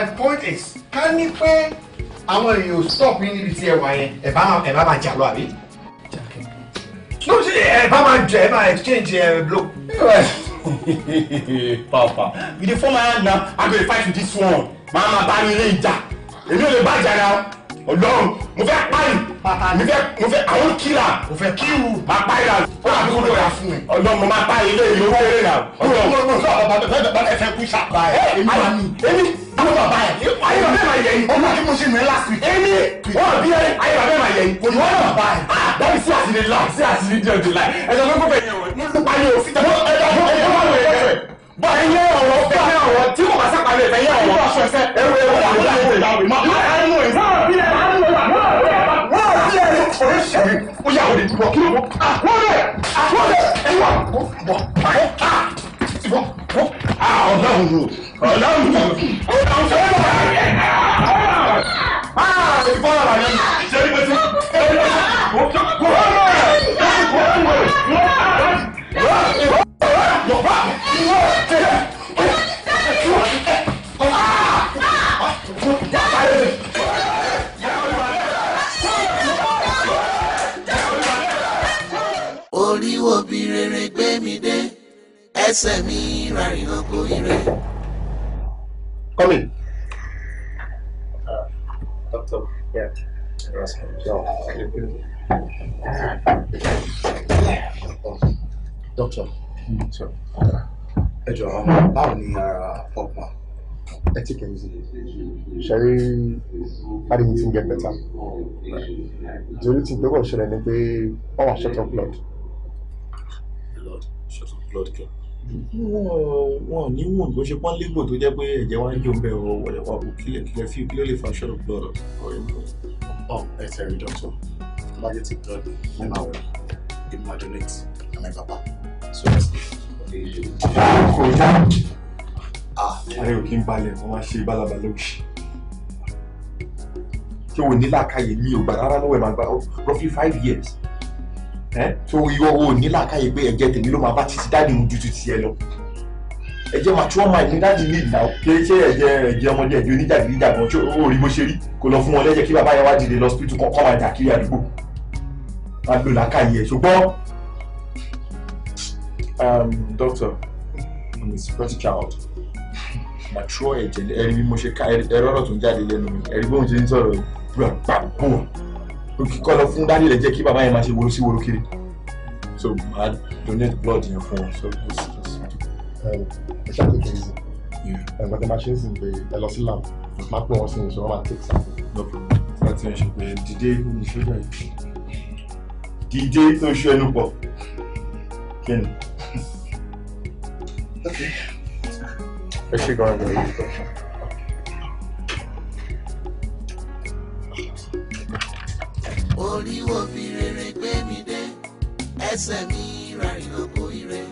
my point is ká ní pé àwọn èèyàn stop yín níbi tí ẹ wà yẹn ẹ bá ẹ bá máa jà lọ àbí. no ṣe ẹ bá máa jẹ ẹ máa exchange ẹ blow. papa you dey form my hand now i go dey fight with this one màá máa bá mi lé ìjà èmi ò lè bá jà náà. Ọlọ́run mo fẹ́ pààyàn mo fẹ́ mo fẹ́ àwọn kíra mo fẹ́ kíru má pààyàn ó wà ní kókó ya fún mi Ọlọ́run mo máa pààyàn ilé ìlú owó eré rà Ọlọ́run mo mo sọ bàbá bẹ́ẹ̀ bá ẹ fẹ́ kú ṣàpá ẹ èmi wà ní èmi àwọn bàbá ẹ ayé bàbá ẹ máa yẹ yìí ọmọ tí mo ṣe nù ẹ last week èmi wọn bí ẹ ayé bàbá ẹ máa yẹ yìí kò ní wọn bàbá ah, ẹ bẹ́ẹ̀ sí àṣírí láì sí àṣírí díẹ̀ jù láì ẹ sọ fún bẹ́ẹ̀ yẹn o bọ́ ẹ yẹ ọ̀rọ̀ fẹ́ ẹ yẹ ọ̀rọ̀ tí kò bá sápá lè fẹ́ yẹ ọ̀rọ̀ ẹ̀rọ ẹ̀rọ ìlànà ìlànà ìlànà ìlànà ọ̀rẹ́ ṣe mi ó yà wọlé ìwọ kí ló wọ wọlé wọlé ẹwà wọ wọ wọ wọ ọlọ́run o ọlọ́run o ọlọ́run fẹ́ lọ rẹ aa ìfọ́ ọ̀rọ̀ yẹn ṣe é gbèsè ṣe é gbèsè kò kò lọ rẹ kò kò lọ rẹ wọ́n wọ́n wọ́n wọ́n wọ́n. ẹsẹ̀ mi rárínà kò ire. Come doctor, yeah. Doctor, ẹ jọ̀ọ́ báwo ni ara ọ̀pọ̀ ẹ ti kẹ́yìn sí ṣẹ́rí pariwo ti ń get better the only thing gbẹ́gbọ̀ ṣẹlẹ̀ ni pé wọ́n wà short of blood. blood short of blood kẹ́ wọn ní wound bó ṣe pọ́n lébò tó jẹ́ pé ẹ̀jẹ̀ wá ń jó bẹ́ẹ̀ ọ wọlé wà bó kílẹ̀ kílẹ̀ fi kí lè fa short of blood or immune. ọ ẹ tẹ rí dọ́tọ̀ tó bá jẹ́ ti blood ẹ máa wọ̀ immune donate àmì bàbá so ẹ sì. kò já ah, ààrẹ ò kí ń balẹ̀ wọ́n máa ṣe bálabàlà òṣì ṣé o ní làákàyè mi ò gbà rárá lọ́wọ́ ẹ̀ máa gba roughly five years tó ìwọ o ní làákàyè pé ẹ̀jẹ̀ tèmi ló máa bá títí dáàdì mu ju ti tiẹ̀ lọ ẹ̀jẹ̀ mature mind ní dáàdì ní ìlà pé ṣé ẹ̀jẹ̀ ọmọdé ẹ̀jẹ̀ oníjàgídíjà gan ṣé o rí bó ṣe rí kò lọ fún wọn lẹ́jẹ̀ kí bàbá yẹn wá dìde lọ hospital kọ́ kọ́ máa jà kiri àdúgbò máa lò làákàyè ẹ̀ ṣùgbọ́n. Um, doctor my first child mature ẹ̀jẹ̀ ẹ̀rí bí mo ṣe ká ẹ̀rọ ọ̀rọ̀ tó ń jáde lẹ́nu mi ẹ̀rí bóun ṣe ń sọ̀rọ̀ gbàgbọ́ kọ́ lọ fún dádì rẹ̀ jẹ́ kí bàbá yẹn máa ṣe woro sí woro kiri so màá donate blood yẹn fún wọn so it's just. ẹ ṣáà tètè ṣe ẹgbẹ́ tí a máa ṣe ń sìn pé ẹ lọ sí lab máa pè wọ́n sí ìṣòro máa tètè sáà. no problem wọ́n ti ń ṣe pé dìde ìṣòro yìí dìde tó ṣe ẹnu pọ̀ kí ni. ẹ ṣe gan-an gan-an. oríwó fi rere gbé mi dé ẹsẹ̀ mi rárìnà kò ire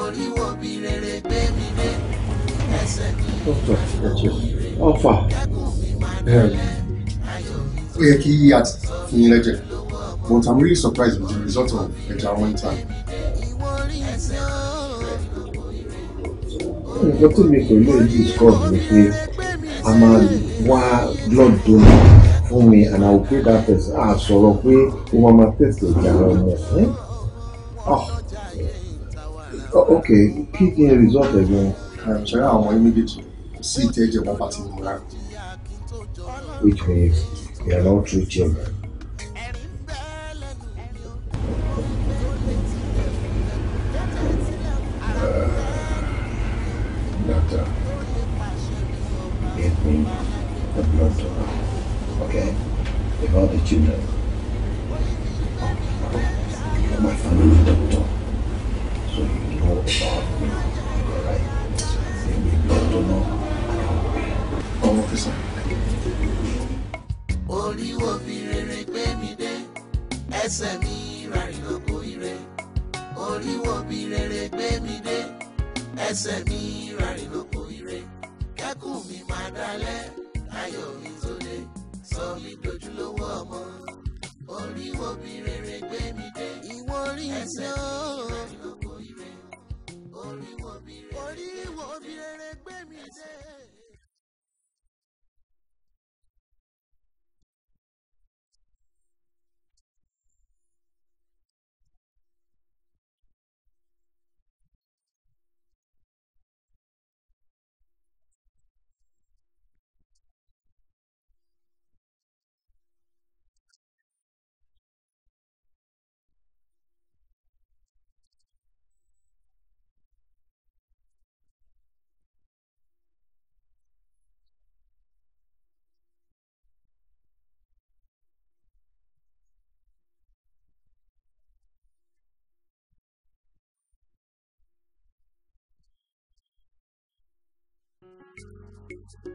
oríwó fi rere gbé mi dé ẹsẹ̀ mi rárìnà kò ire kẹ́kùn mi máa délẹ̀ ayọ̀ mi. ó yẹ kí a ti fún yín lẹ́jẹ̀ but I'm really surprised with the result of ẹja one time. nǹkan tó mi pẹ̀lú èyí kọ́ ni pé a máa wá blood donor fún mi and I will pay that person a ah, sọ̀rọ̀ pé ó máa ma tẹ̀sẹ̀ ìjà lọ mọ̀ ok kí ni result ẹ̀ gan. ṣẹ́yà àwọn immediate sí ìtẹ́jẹ̀ wọn bá ti mú ra. which means you are not true chairman. student. Thank you.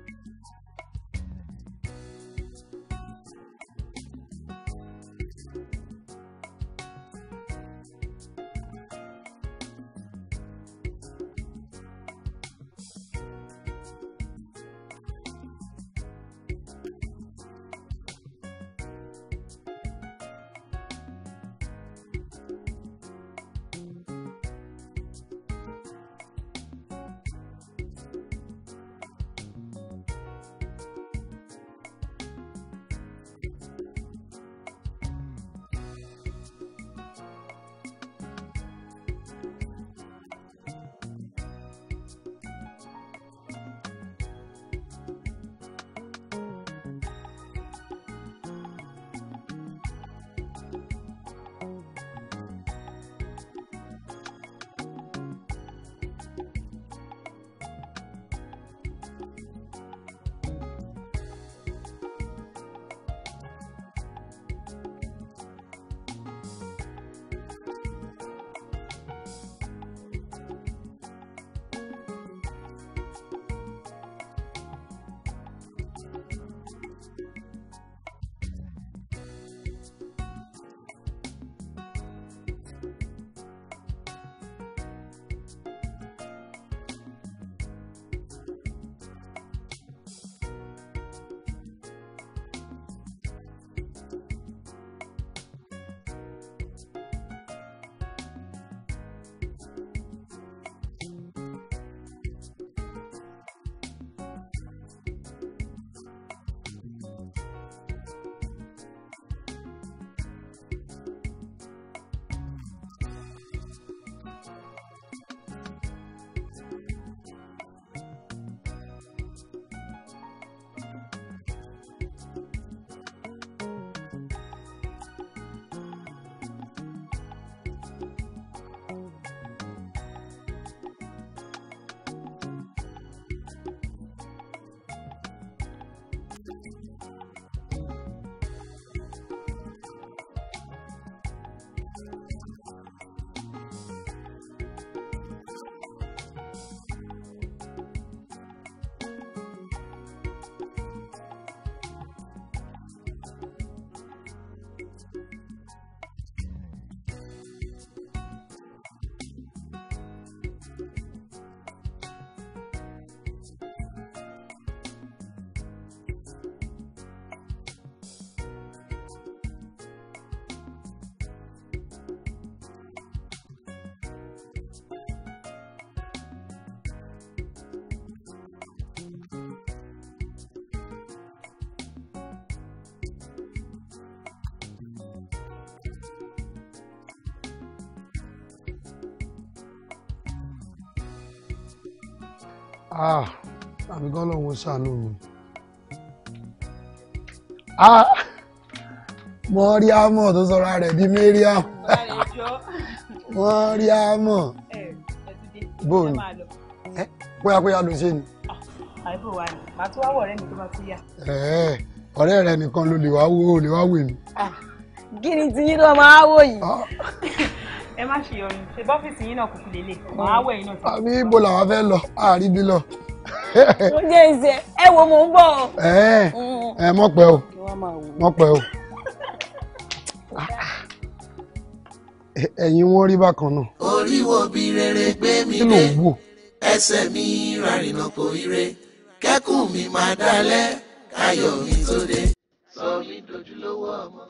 ah àbí kọ́ lọ́wọ́ ṣàánú mi ah mọ́ríámọ̀ tó sọra rẹ̀ di mẹ́ríám mọ́ríámọ̀ bóun ẹ kóyàkóyà ló ṣe ni. àìbò wa ni màá tó wá wọ̀ ọ̀rẹ́ mi tó bá tó yà. ọ̀rẹ́ rẹ nìkan ló lè wá wò lè wá wò mí. kí ni tiyín náà máa wò yìí. Ah ẹ má ṣe yọnu ṣe bọ́fíìsì yín náà kò fi lélẹ̀ màá wẹ̀ yín náà. àní ibo làwọn fẹ́ lọ àríbi lọ. mo jẹ́ ìṣe ẹ wo mò ń bọ̀. ẹ ẹ mọ̀ pẹ́ o mọ̀ pẹ́ o ah, ẹ̀yin wọ́n rí bákan náà. orí wo bí rere gbé mi dé ẹsẹ̀ mi rárìnà kò ire kẹ́kùn mi máa dálẹ̀ káyọ̀ mi tó dé sọ mi dojúlówó ọmọ.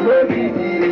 Baby,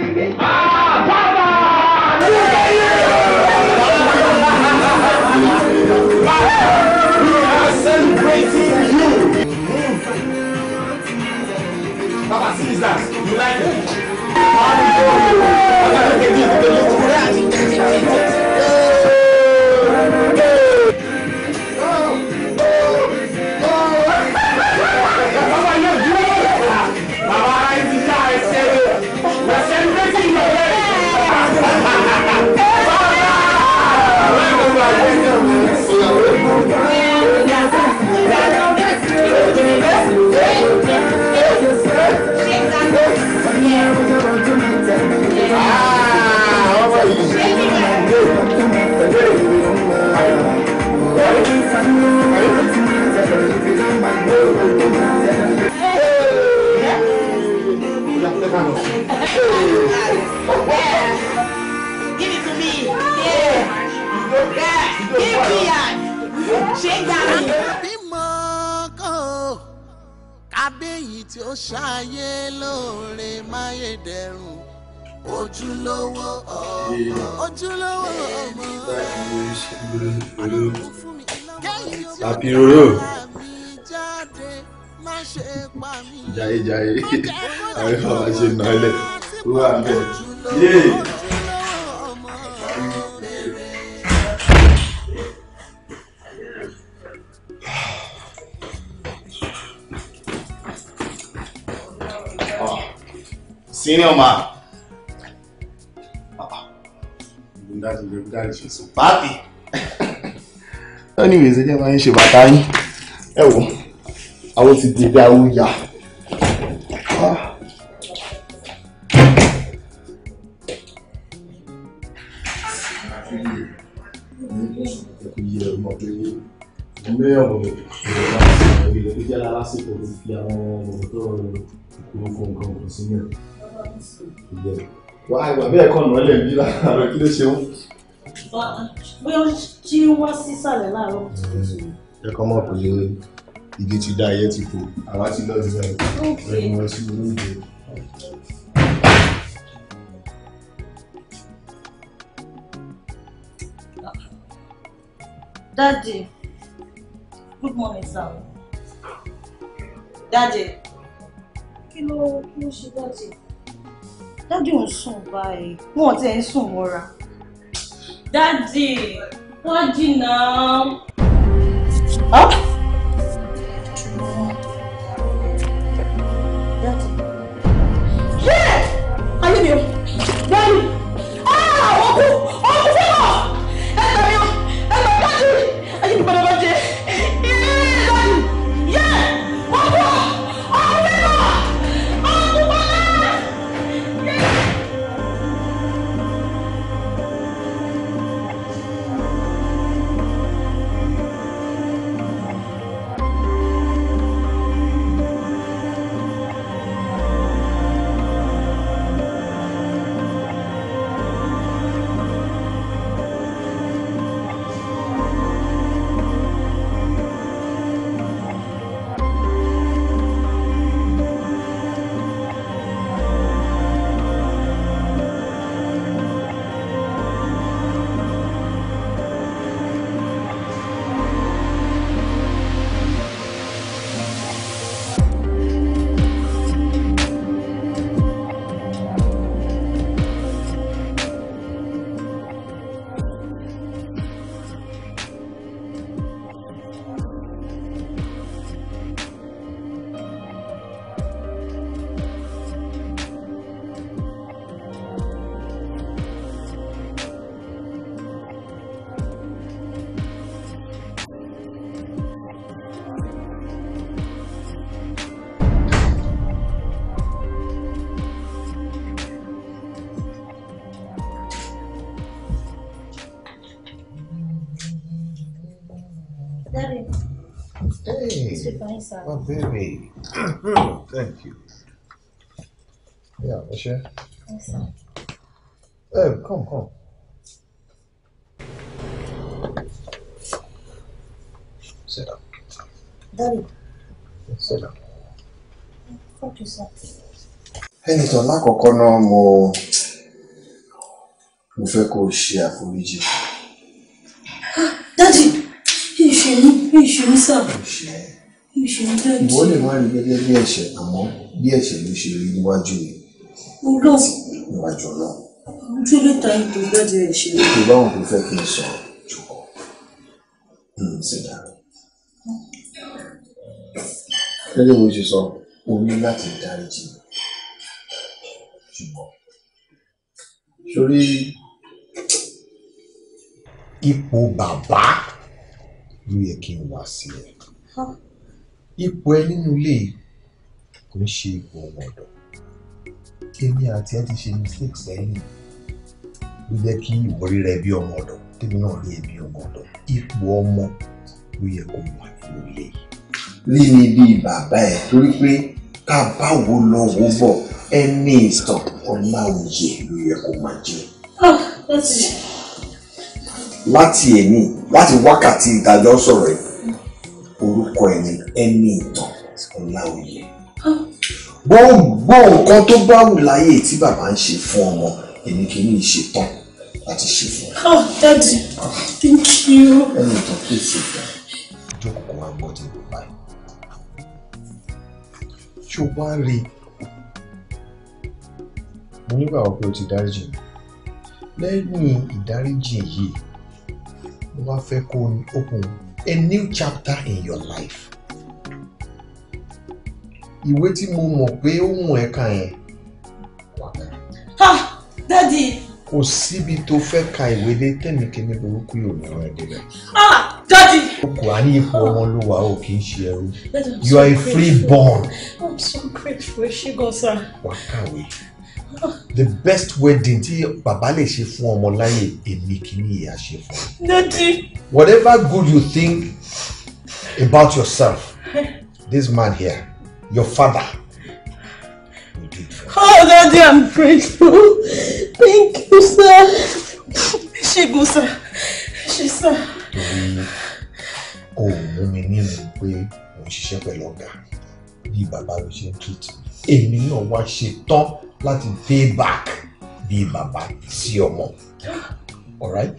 ìgbà mi. bímọ kan kábíyì tí ó ṣàyé lóore máyédẹrùn ojúlówó ọmọ ojúlówó ọmọ àlòkù fún mi kẹ́yìn àwọn ìfọwọ́sẹ̀ náà lẹ̀ wúwa bẹ́ẹ̀ Sim, eu man. Pàtì. Anyways, ẹ jẹ́ máa ń ṣe bàtà yín. Ẹ wo, àwọn ti di ibi awúyà. wà á bẹ́ẹ̀ kọ́ ọ̀nà ọ̀lẹ́ bí láàárọ̀ kí ló ṣe ń. bóyá tí ó wá sísàlẹ̀ láàárọ̀ ẹ kọ́ mọ̀ pé igi ti dá ayé ti kú àwa ti lọ sí ẹ̀ ẹ̀ mọ̀ sí olóògbé. Daddy, good morning, sir. Daddy, kí ló kí ló ṣe daddy? dádì ò ń sùn báyìí wọn ò tiẹ̀ ń sùn mọ́ra. dádì wọ́n jìnnà. dádì. ayé mi o dádì. sir. Oh, baby. Thank you. Yeah, what's your? Yes, sir. Oh, come, come. Sit down. Daddy. Sit down. Thank you, sir. ẹni tó lákọ̀ọ́kọ́ náà mo mo fẹ́ kó o ṣe àforíjì. dádì ìṣèlú ìṣèlú sábà ìwọ lè má rí gẹ́gẹ́ bí ẹ̀ṣẹ̀ àmọ́ bí ẹ̀ṣẹ̀ ló ṣe rí níwájú mi. níwájú náà. ojú ló ta ètò ìgbẹ́jẹ̀ ẹ̀ṣẹ̀. ètò báwọn kò fẹ́ kí n sọ jùlọ. Hmm, gẹ́gẹ́ bó ṣe sọ o ní láti dáríjì ṣùgbọ́n sórí ipò bàbá ló yẹ kí n wá sí ẹ. Ah ipò ẹ nínú ilé kò ń ṣe ipò ọmọ ọ̀dọ̀ èmi àti ẹ ti ṣe mistake sẹ́yìn ló jẹ́ kí ìwọ rírẹ bí ọmọ ọ̀dọ̀ tèmi náà rí ẹbí ọmọ ọ̀dọ̀ ipò ọmọ ló yẹ kó wà nínú ilé rí mi bíi bàbá ẹ torí pé ká báwo lọ wò bọ̀ ẹni ìtàn ọláòye ló yẹ kó máa jẹ. Ah, láti èmi láti wákàtí ìdájọ́ sọ̀rọ̀ yìí orúkọ ẹni ẹni ìtàn ńlá òye ah. gbogbo nǹkan tó bá wù láyé tí bàbá ń ṣe fún ọmọ èmi kì í ṣe tán láti ṣe fún ọ. Ah, dadi thank you. ẹni ìtàn kì í ṣe tán ìjọ kòkó wa gbọ́ ti bọ̀ báyìí. ṣó wá rí i mo nígbàgbọ́ pé o ti dáríjì mi lẹ́yìn ìdáríjì yìí mo wá fẹ́ kó o open a new chapter in your life ìwé tí mo mọ̀ pé ó mú ẹ kàn yẹn wà kà. ha dadi. kò síbi tó fẹ́ ka ìwé dé tẹ̀mí kíní burúkú yóò ní ọ̀rẹ́ débẹ̀. ah dadi. o kò á ní ipò ọmọlúwa o kì í ṣe ẹrú you are a free born. i'm so grateful ẹ ṣé gan sa. wà kàwé the best wedding tí bàbá lè ṣe fún ọmọ láyé èmi kìíní ìyá ṣe fún. dadi. whatever good you think about yourself this man here Your father will do it for you. Oh, Daddy, I'm grateful. Thank you, sir. She go, sir. She sir. Torí kò mú mi nínú pé mo ń ṣiṣẹ́ pẹ̀lú ọ̀gá bí bàbá mi ṣe ń treat me. Èmi náà wá ṣe tán láti pay back bí bàbá sí ọmọ. Alright?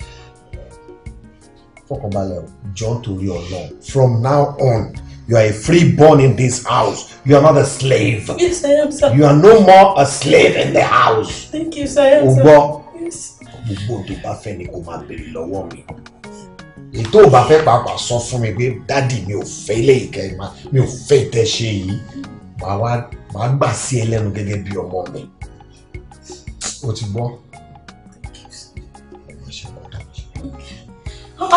Fọkànbalẹ̀ to your ọ̀nà from now on. You are a born in this house. You are not a slave. Yes, I am, sir. You are no more a slave in the house. Thank you, sir. I Yes. Gbogbo tó bá fẹ́ ni kò máa béèrè lọ́wọ́ mi. Ètò ò bá fẹ́ pàápàá sọ fún mi pé dádì mi ò fẹ́ ilé ìkẹ́ ma mi ò fẹ́ ìtẹ́ ṣe yìí. Màá wá màá gbà sí ẹ lẹ́nu gẹ́gẹ́ bí ọmọ mi. O ti gbọ́. Thank you, Ah!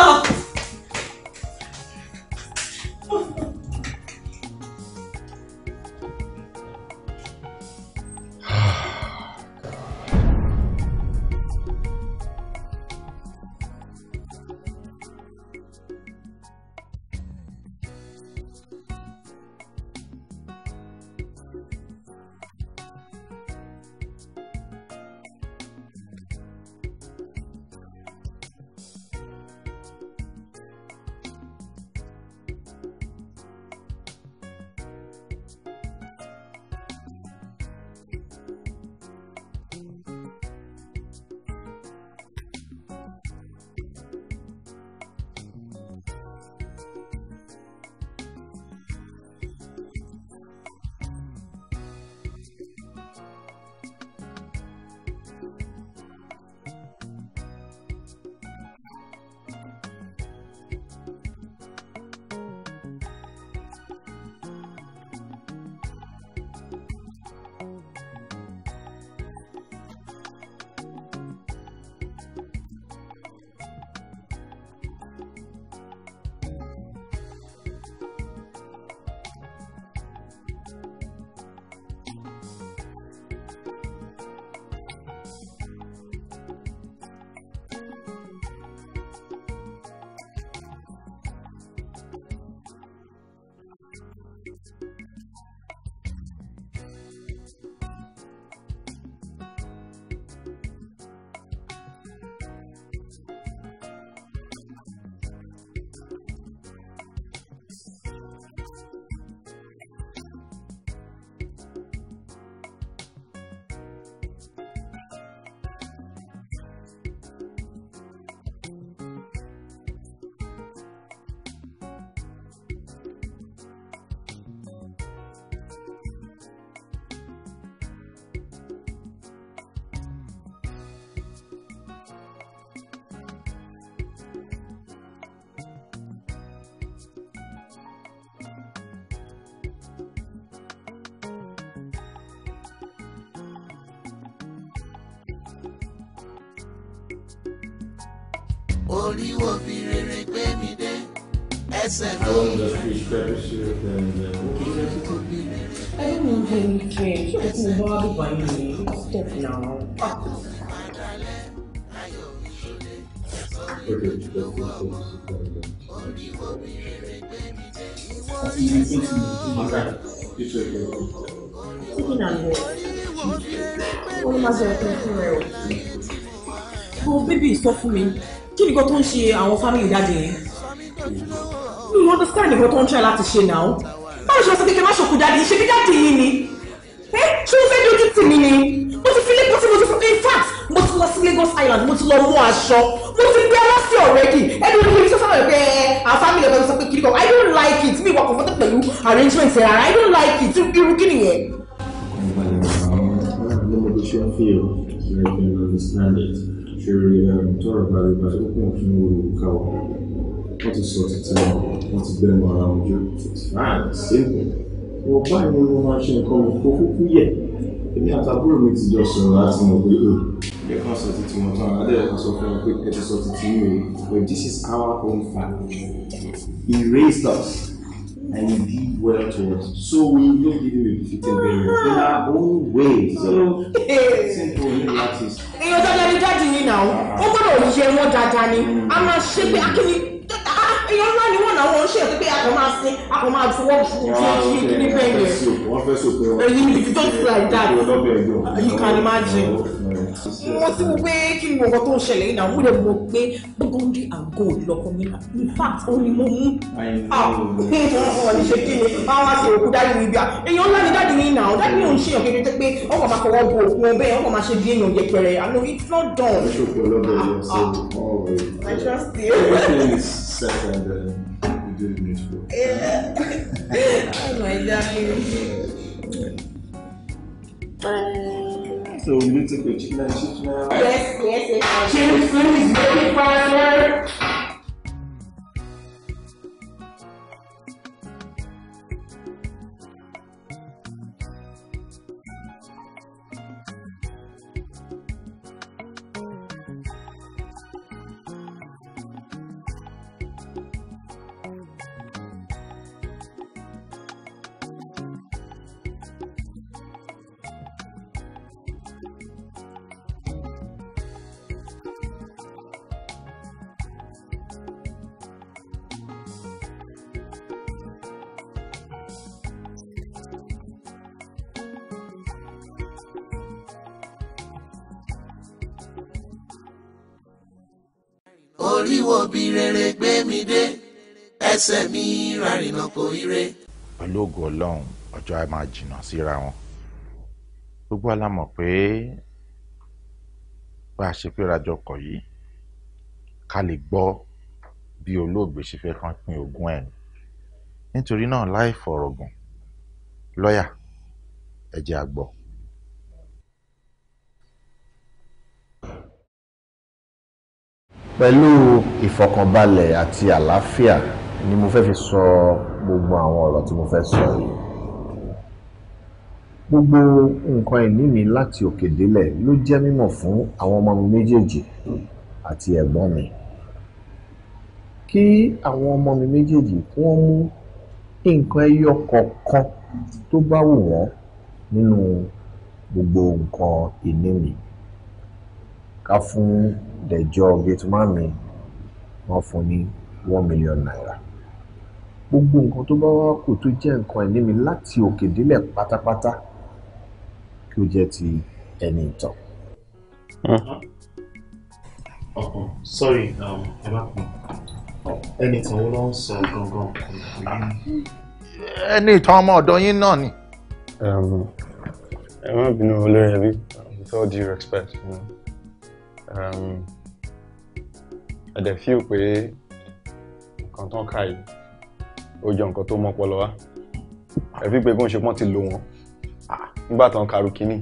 orí wo fi rere gbé mi dé ẹsẹ̀ ló ń bẹ̀rẹ̀. I don't want any change. It's a body by me. Stop now. okay, okay. Okay, okay, okay. Okay, okay, okay. Okay, okay, fún mi kí nìkan tó ń ṣe àwọn fámìlì dáadé yẹn mi ò understand nìkan tó ń ṣe láti ṣe náà báwo ṣe sọ kékeré má ṣòkò dáadé ṣe bí dáadé yìí ni ẹ ṣé o fẹ́ dojú tì mí ni mo ti fi lẹ́kọ̀ọ́ sí mo ti fi in fact mo ti lọ sí Lagos Island mo ti lọ mú aṣọ mo ti gbé aláṣẹ ọ̀rẹ́dì ẹni orí mi sọ́sọ́ rẹ̀ pé àwọn fámìlì ọ̀gá mi sọ pé kiri kan I don't like it mi wà comfortable pẹ̀lú arrangement rẹ̀ I don't like it irú kí nìyẹn. ọ̀gbọ́n mi ò ṣe ń fi ọ́ you can understand it ṣeré tọrọ balẹ balẹ ó kún fún olùkà wa wọn ti sọ títí wọn wọn ti gbẹmọ ara wọn jẹ fine ah, simple wọn báyìí ni wọn máa ṣe nǹkan kó kúkú yẹ èmi àtàbúrò mi ti jọ sọ̀rọ̀ láti mọ pé o ẹ kàn sọ títí wọn tán adé ẹ kàn sọ fún wọn pé ẹ ti sọ títí mi o but this is our own family. he raised us and you lead well to us. So we don't give him a befitting burial in our own way. So, simple little artist. Èèyàn dáadáa ni dáàdi yìí náà, ó gbọ́dọ̀ yẹ wọ́n dáadáa ni, a máa ṣe pé akíní, èèyàn náà àwọn oníṣẹ́ pípé a kò máa sin a kò máa fọwọ́ fún kí ní bẹ́ẹ̀ yẹn èyí ni if you don't like that you can imagine. wọ́n ti mú pé kí ni nǹkan tó ń ṣẹlẹ̀ yìí náà mo lè mọ̀ pé Burgundy and gold lọ́kọ mi náà in fact ó ní mo mú. àwọn ah, ìṣe kí ni àwọn àti òkú dájú ibi à èèyàn ńlá ni dájú yìí náà dájú yìí ò ń ṣe Ah. Ah. pé ọkọ̀ máa kọ́wọ́ bo òkú wọn bẹ́ẹ̀ ọkọ̀ máa ṣe bí èèyàn yẹpẹrẹ àná it's not done. Ah, ah. I trust you. Everything is set and then very grateful. Yeah. That's oh my darling. Um, so we need to go children, children. Yes, yes, yes. Children is very important. ọlọ́run ọjọ́ á máa jìnnà síra wọn gbogbo wa pé bá a ṣe péra jọ kọ̀ yìí ká lè gbọ́ bí olóògbé ṣe fẹ́ kán pín ogún ẹ̀ nítorí náà láì fọ̀rọ̀ gùn lọ́yà ẹ jẹ́ a gbọ́. pẹ̀lú ìfọ̀kànbalẹ̀ àti àlàáfíà ni mo fẹ́ fi sọ gbogbo àwọn ọ̀rọ̀ tí mo fẹ́ sọ yìí gbogbo nǹkan ìní mi láti òkè délẹ̀ ló jẹ́ mímọ̀ fún àwọn ọmọ mi méjèèjì àti ẹ̀gbọ́n mi kí àwọn ọmọ mi méjèèjì kí wọ́n mú nǹkan ẹyọ kọ̀ọ̀kan tó bá wù wọ́n nínú gbogbo nǹkan ìní mi ká fún Dẹ̀jọ́ gẹ́tùmá mi wọ́n fún ní one million naira gbogbo nǹkan tó bá wá kù tó jẹ́ nǹkan ẹ̀mí mi láti òkè délẹ̀ pátápátá kí ó jẹ́ ti ẹni ìtàn. Uh-huh. sorry um, ẹ má pè ẹni ìtàn wo ló ń sọ gangan ẹni ìtàn ọmọ ọ̀dọ̀ yín náà ni. Um, ẹ má bínú olórí ẹbí with all due respect ẹ̀dẹ̀ um, fíò pé nǹkan tán ká yìí ó jọ nǹkan tó mọ́ pọlọ wá ẹ fi pé kó ń ṣe pọ́n ti lò wọ́n nígbà tán karu kínní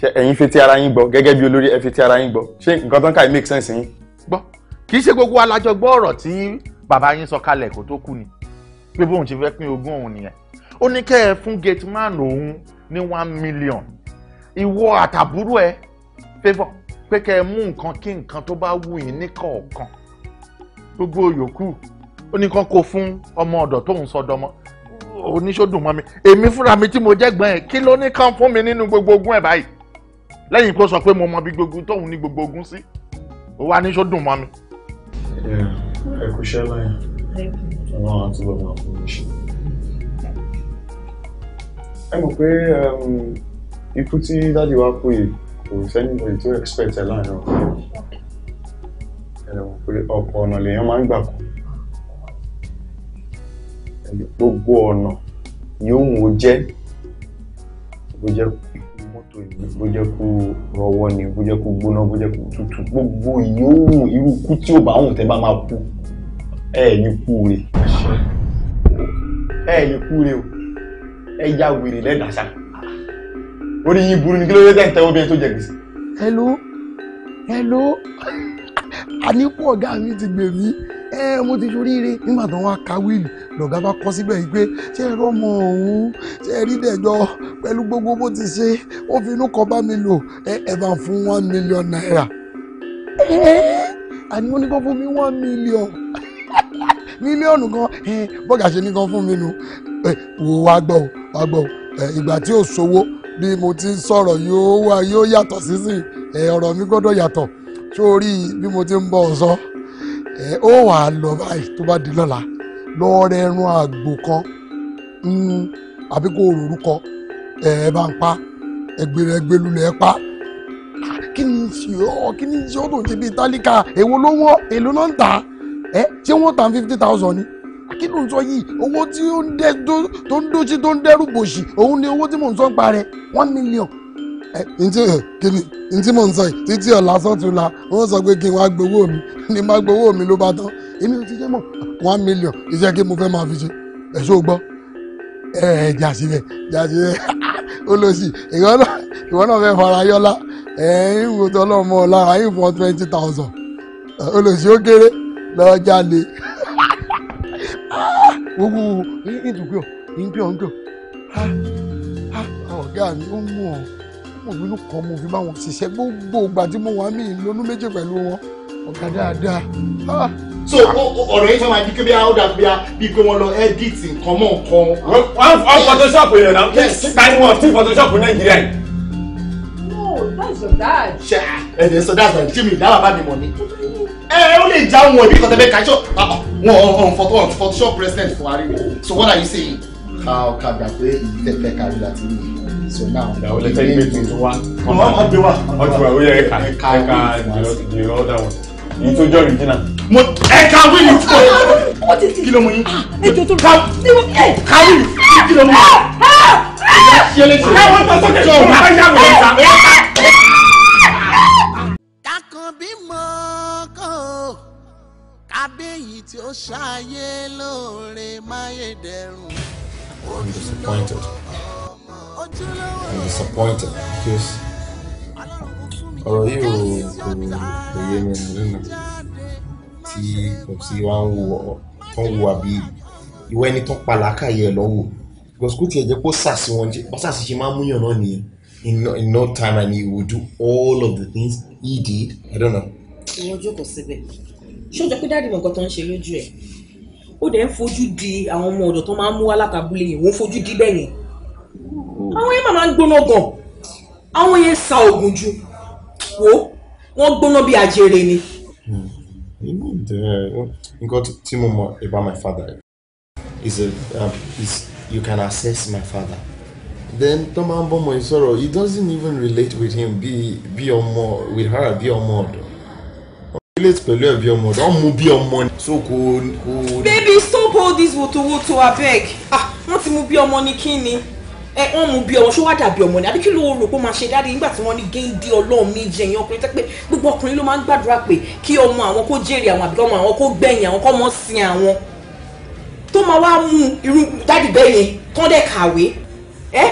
ṣé ẹ̀yin fi ti ara yín gbọ́ gẹ́gẹ́ bí olórí ẹ fi ti ara yín gbọ́ ṣé nǹkan tán ká ì make sense yín. gbọ́ kì í ṣe gbogbo alájọ gbọ́ ọ̀rọ̀ tí bàbá yín sọ kalẹ̀ kó tó kú ni pé bóun ti fẹ́ pín ogún òun nìyẹn ó ní kẹ́ ẹ fún gate man òun ní one million ìwọ àtàbúrò ẹ favour pé kẹ́ ẹ mú nǹkan kí nǹkan tó bá wù yín ní kọ̀ọ̀kan gbogbo yòókù ó ní kán kó fún ọmọ ọ̀dọ̀ tóun sọdọmọ oníṣòdùn mọ́ mi èmi fúnra mi tí mo jẹ́ gbọ́n ẹ̀ kí ló ní kán fún mi nínú gbogbo ogún ẹ̀ báyìí lẹ́yìn kó sọ pé mo mọ bí gbogbo tóun ní gbogbo ogún sí ó wá níṣòdùn mọ́ mi. ẹ kú iṣẹ́ láyé ọlọ́run àti bàbá fún mi ṣe. ẹ mọ̀ pé um, ikú tí dáàdi wa kú yìí kò sẹ́ni tó expect ẹ̀ ọ̀pọ̀ ọ̀nà lèèyàn máa ń gbà kú gbogbo ọ̀nà yóò wò jẹ́ bó jẹ́ mọ́tò ìgbé bó jẹ́ kó rọwọ́ ni bó jẹ́ kó gbóná bó jẹ́ kó tutù gbogbo yòówù irú kú tí ò bá wùn tẹ́ bá máa kú ẹ ní kú rè ẹ ní kú rè o ẹ ya wèrè lẹ́dàṣà orí yìí burú ni kí ló dé tẹ̀ ń tẹ́wọ́ bí ẹni tó jẹ gbèsè. hello hello àníkù ọ̀gá mi ti gbè mí ẹ mo ti ṣoríire nígbà tó wá ka wíìlì lọ̀gá bá kọ́ síbẹ̀ yìí pé ṣé ẹ rọ́mọ òun ṣé ẹ rí dẹ̀jọ́ pẹ̀lú gbogbo bó ti ṣe ó fi inú kan bá mi lò ẹ ẹ bá fún one million naira àní wọ́n ní kó fún mi one million mílíọ̀nù kan bọ́gà ṣe ní kan fún mi nu wò wá gbọ́ wá gbọ́ ìgbà tí ò sówó bí mo ti ń sọ̀rọ̀ yóò wá yóò yàtọ̀ sísìn ọ̀rọ̀ mi gbọ́dọ̀ yàtọ̀ sórí bí mo ti ń bọ̀ ọ̀sán ẹ ó wà á lọ báyìí tó bá di lọ́la lọ rẹ ẹran àgbò kan hmm, àbí kò rorú kọ ẹ ẹ bá ń pa ẹgbẹ̀rẹ̀ ẹgbẹ̀lulẹ̀ ẹ pa kí ni ṣe ọ kí ni ṣe ọ tó ń ṣe bíi tálíkà èwo ló wọ́n èlò náà ń tà ẹ ṣé wọ́n tà fifty thousand ni kí ló ń sọ yìí owó tí ó ń dẹ tó ń dóṣí tó ń dẹrù bòṣì òun ni owó tí mò ń sọ ń pa rẹ one million ntí mò ń sọ yìí títí ọ̀la sọ́túnla wọ́n sọ pé kí n wá gbowó mi ní má gbowó mi ló bá tán èmi ò ti jẹ́ mọ̀ one million iṣẹ́ kí mo fẹ́ máa fi ṣe ẹ̀ṣọ́ gbọ́ ẹ̀ jàsílẹ̀ jàsílẹ̀ olóṣì ìwọ náà ìwọ náà fẹ́ fara yọ́lá ẹ̀ ń wò tó ọlọ́mọ lára yín fún twenty thousand olóṣì ó kéré lọ́ọ́ jáde gbogbo ìdùgbò ìdùgbò ọ̀gá mi ó mú ọ òmìnú kan mo fi bá wọn ṣiṣẹ́ gbogbo ìgbà tí mo wà mí lónú méjì pẹ̀lú wọn ọ̀gá dáadáa. Ah. so ọ̀rọ̀ yìí fẹ́ máa di pé bí a ọ̀dà bí a bí pé wọ́n lọ edit nǹkan mọ́ nǹkan. wọ́n photoshop yẹn náà tani wọn ti photoshop nàìjíríà yìí. no that's your dad. ṣe ẹ̀dẹ̀ sọ that's my jimmy dára bá mi mọ̀ ni. ẹ ẹ ó lè já wọn ìbí kọ́tẹ́bẹ́ kájọ ah, ah, wọn ò photoshop president Buhari so what are you saying ká ká gbà pé èyí tẹ̀fẹ́ kárí láti rí i so now. ìyàwó lẹ́tẹ̀ gbé tuntun wá. wọ́n gbé wá. wọ́n ti wà ó yẹ ẹ̀ka ẹ̀ka the other one èyí tó jọ original. mo ẹ̀ka wíìlì tó. ó ti ti kí ló mú yín. ètò tó ká ká wíìlì kí ló yín. ìyá ṣẹlẹ̀ ṣẹlẹ̀. ẹ wọ́n tó o máa ń tí ó ṣàyé lóore máyédẹrùn. I'm disappointed. I'm disappointed because ọ̀rọ̀ yìí ò kò kò yé mi nínú tí kò sí wá ń wo tó ń wo àbí ìwọ ẹni tó ń pa làákàyè ẹ̀ lọ́wọ́ because kò tiẹ̀ jẹ́ pé ó sàsí wọn jẹ́ ó sàsí ṣe máa ń múyàn náà nìyẹn in no, time and he would do all of the things he did I don't know. ìwọ jókòó síbẹ̀ ṣé o jọ pé dáàdì mọ̀ tó ń ṣe lójú ẹ̀ ó dẹ̀ ń fojú di àwọn ọmọ ọ̀dọ̀ tó máa ń mú wá látàbúlé yẹn wọ́n fojú di bẹ́ẹ̀ yẹn àwọn yẹn máa ń gbóná gan àwọn yẹn sa oògùn ju wo wọ́n gbóná bí ajere ni. Hmm. nǹkan tí mo mọ about my father is a um, is you can assess my father then tó máa ń bọ́mọ ìsọ̀rọ̀ he doesn't even relate with him bí ọmọ with her bí ọmọ ọ̀dọ̀ relate pẹ̀lú ẹ̀ bí ọmọ ọ̀dọ́ mú bí ọmọ ni. so kò kò. baby stop all this wotowoto abeg ah wọ́n ti mú bí ọmọ ni kí ni ẹ wọ́n mú bí ọmọ ṣó wá dàbí ọmọ ni àbí kí ló rò pé máa ṣe dáadé nígbà tí wọ́n ní géńdé ọlọ́run méjì ẹ̀yìn ọkùnrin tẹ́ pé gbogbo ọkùnrin ló máa ń gbàdúrà pé kí ọmọ àwọn kó jèrè àwọn àbí ọmọ àwọn kó gbẹ̀yìn àwọn kó mọ́ sin àwọn tó máa wá mú irú dáàdì bẹ́ẹ̀ yẹn tán dẹ̀ kàwé ẹ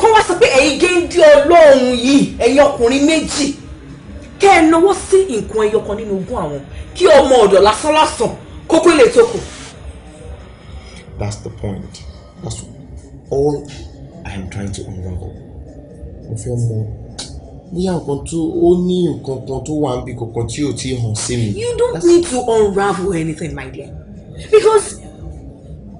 kó wá sọ pé ẹ̀yin géńdé ọlọ́run yìí ẹ̀yin ọkùnrin méjì kẹ́ ẹ náwó sí nǹkan ẹyọkan nínú ogún àwọn kí ọmọ ọ̀dọ̀ lásán lásán kókó lè tó that's the point that's all i am trying to unravel mo fẹ́ mọ bóyá nǹkan tó ó ní nǹkan kan tó wà níbi kankan tí ò ti hàn sí mi. you don't that's... need to unravel anything my dear because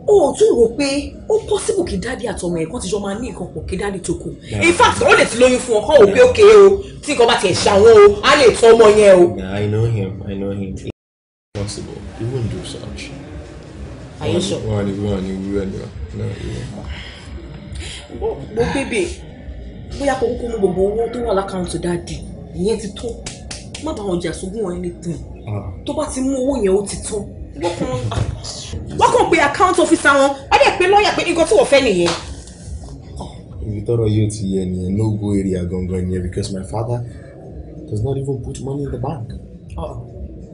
o ò tún rò pé ó possible kí dáàdi àtọmọ ẹ̀ kan ti jọ máa ní nǹkan pọ̀ kí dáàdi tó kù in fact ó lè ti lóyún fún ọ kọ́ òpé òkè o tí nǹkan bá tiẹ̀ ṣàwọn o á lè tọ́ ọmọ yẹn o. I know him I know him it's possible he won't do such. Are you sure? wọ́n á ní wọ́n á ní wúrẹ́ ni wọ́n. mo bèbè bóyá kò kúkú mú gbogbo owó tó wà lákàntì dáàdi ìyẹn ti tó má bàa ọjà sógún wọn ẹni tàn ah. tó bá ti mú owó yẹn ó ti tán wọ́n kàn pé account officer wọn wọ́n dẹ̀ pé lọ́ọ̀yà pé nǹkan tí wọ́n fẹ́ nìyẹn. ibi tọrọ yóò ti yẹ nìyẹn no go area gangan nìyẹn because my father does not even put money in the bank. Uh-uh.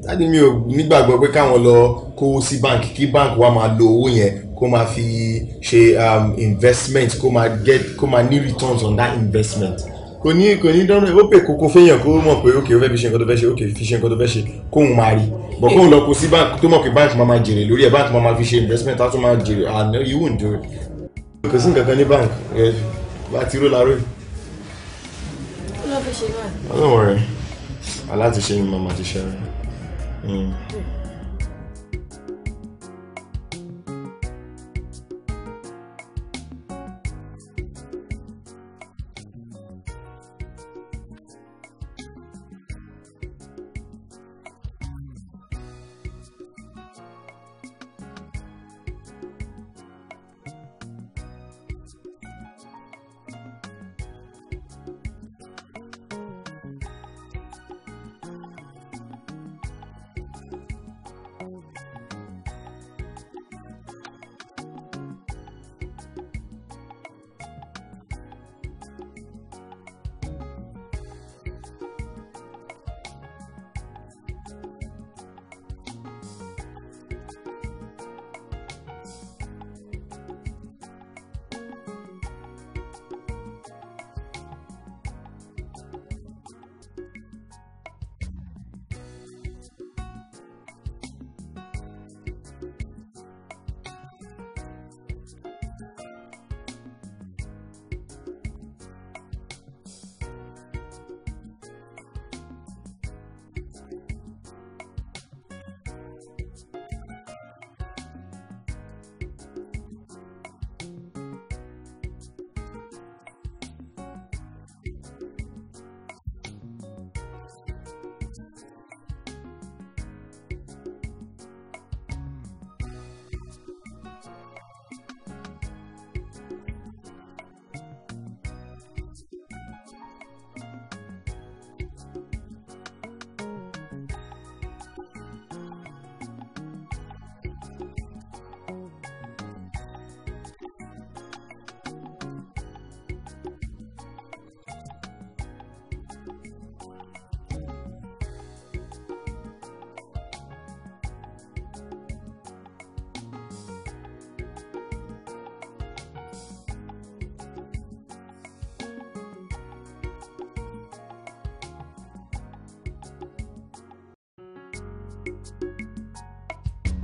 dájú mi ò nígbàgbọ́ pé káwọn lọ kówó sí báńkì kí báńkì wa máa lo owó yẹn kó máa fi ṣe um, investment kó máa get kó máa ní returns on that investment kò ní kò ní dánwó ó pè kókó fẹ́yàn kó mọ̀ pé ókè ó fẹ́ fi ṣe nǹkan tó fẹ́ ṣe ókè fi ṣe nǹkan tó fẹ́ ṣe kóun máa rí bọ̀ kóun lọ kó sí báńkì tó mọ̀ pé báńkì máa máa jèrè lórí ẹ̀ báńkì máa máa fi ṣe investment á tún máa jèrè àná you won't do it. kò sí nǹkan kan ní báńkì ẹ bá ti ró laró yìí. kí ló fi ṣe báyìí. ọlọ́wọ́ rẹ̀ aláàtìṣe ni màmá ti ṣe rẹ̀. Hmm.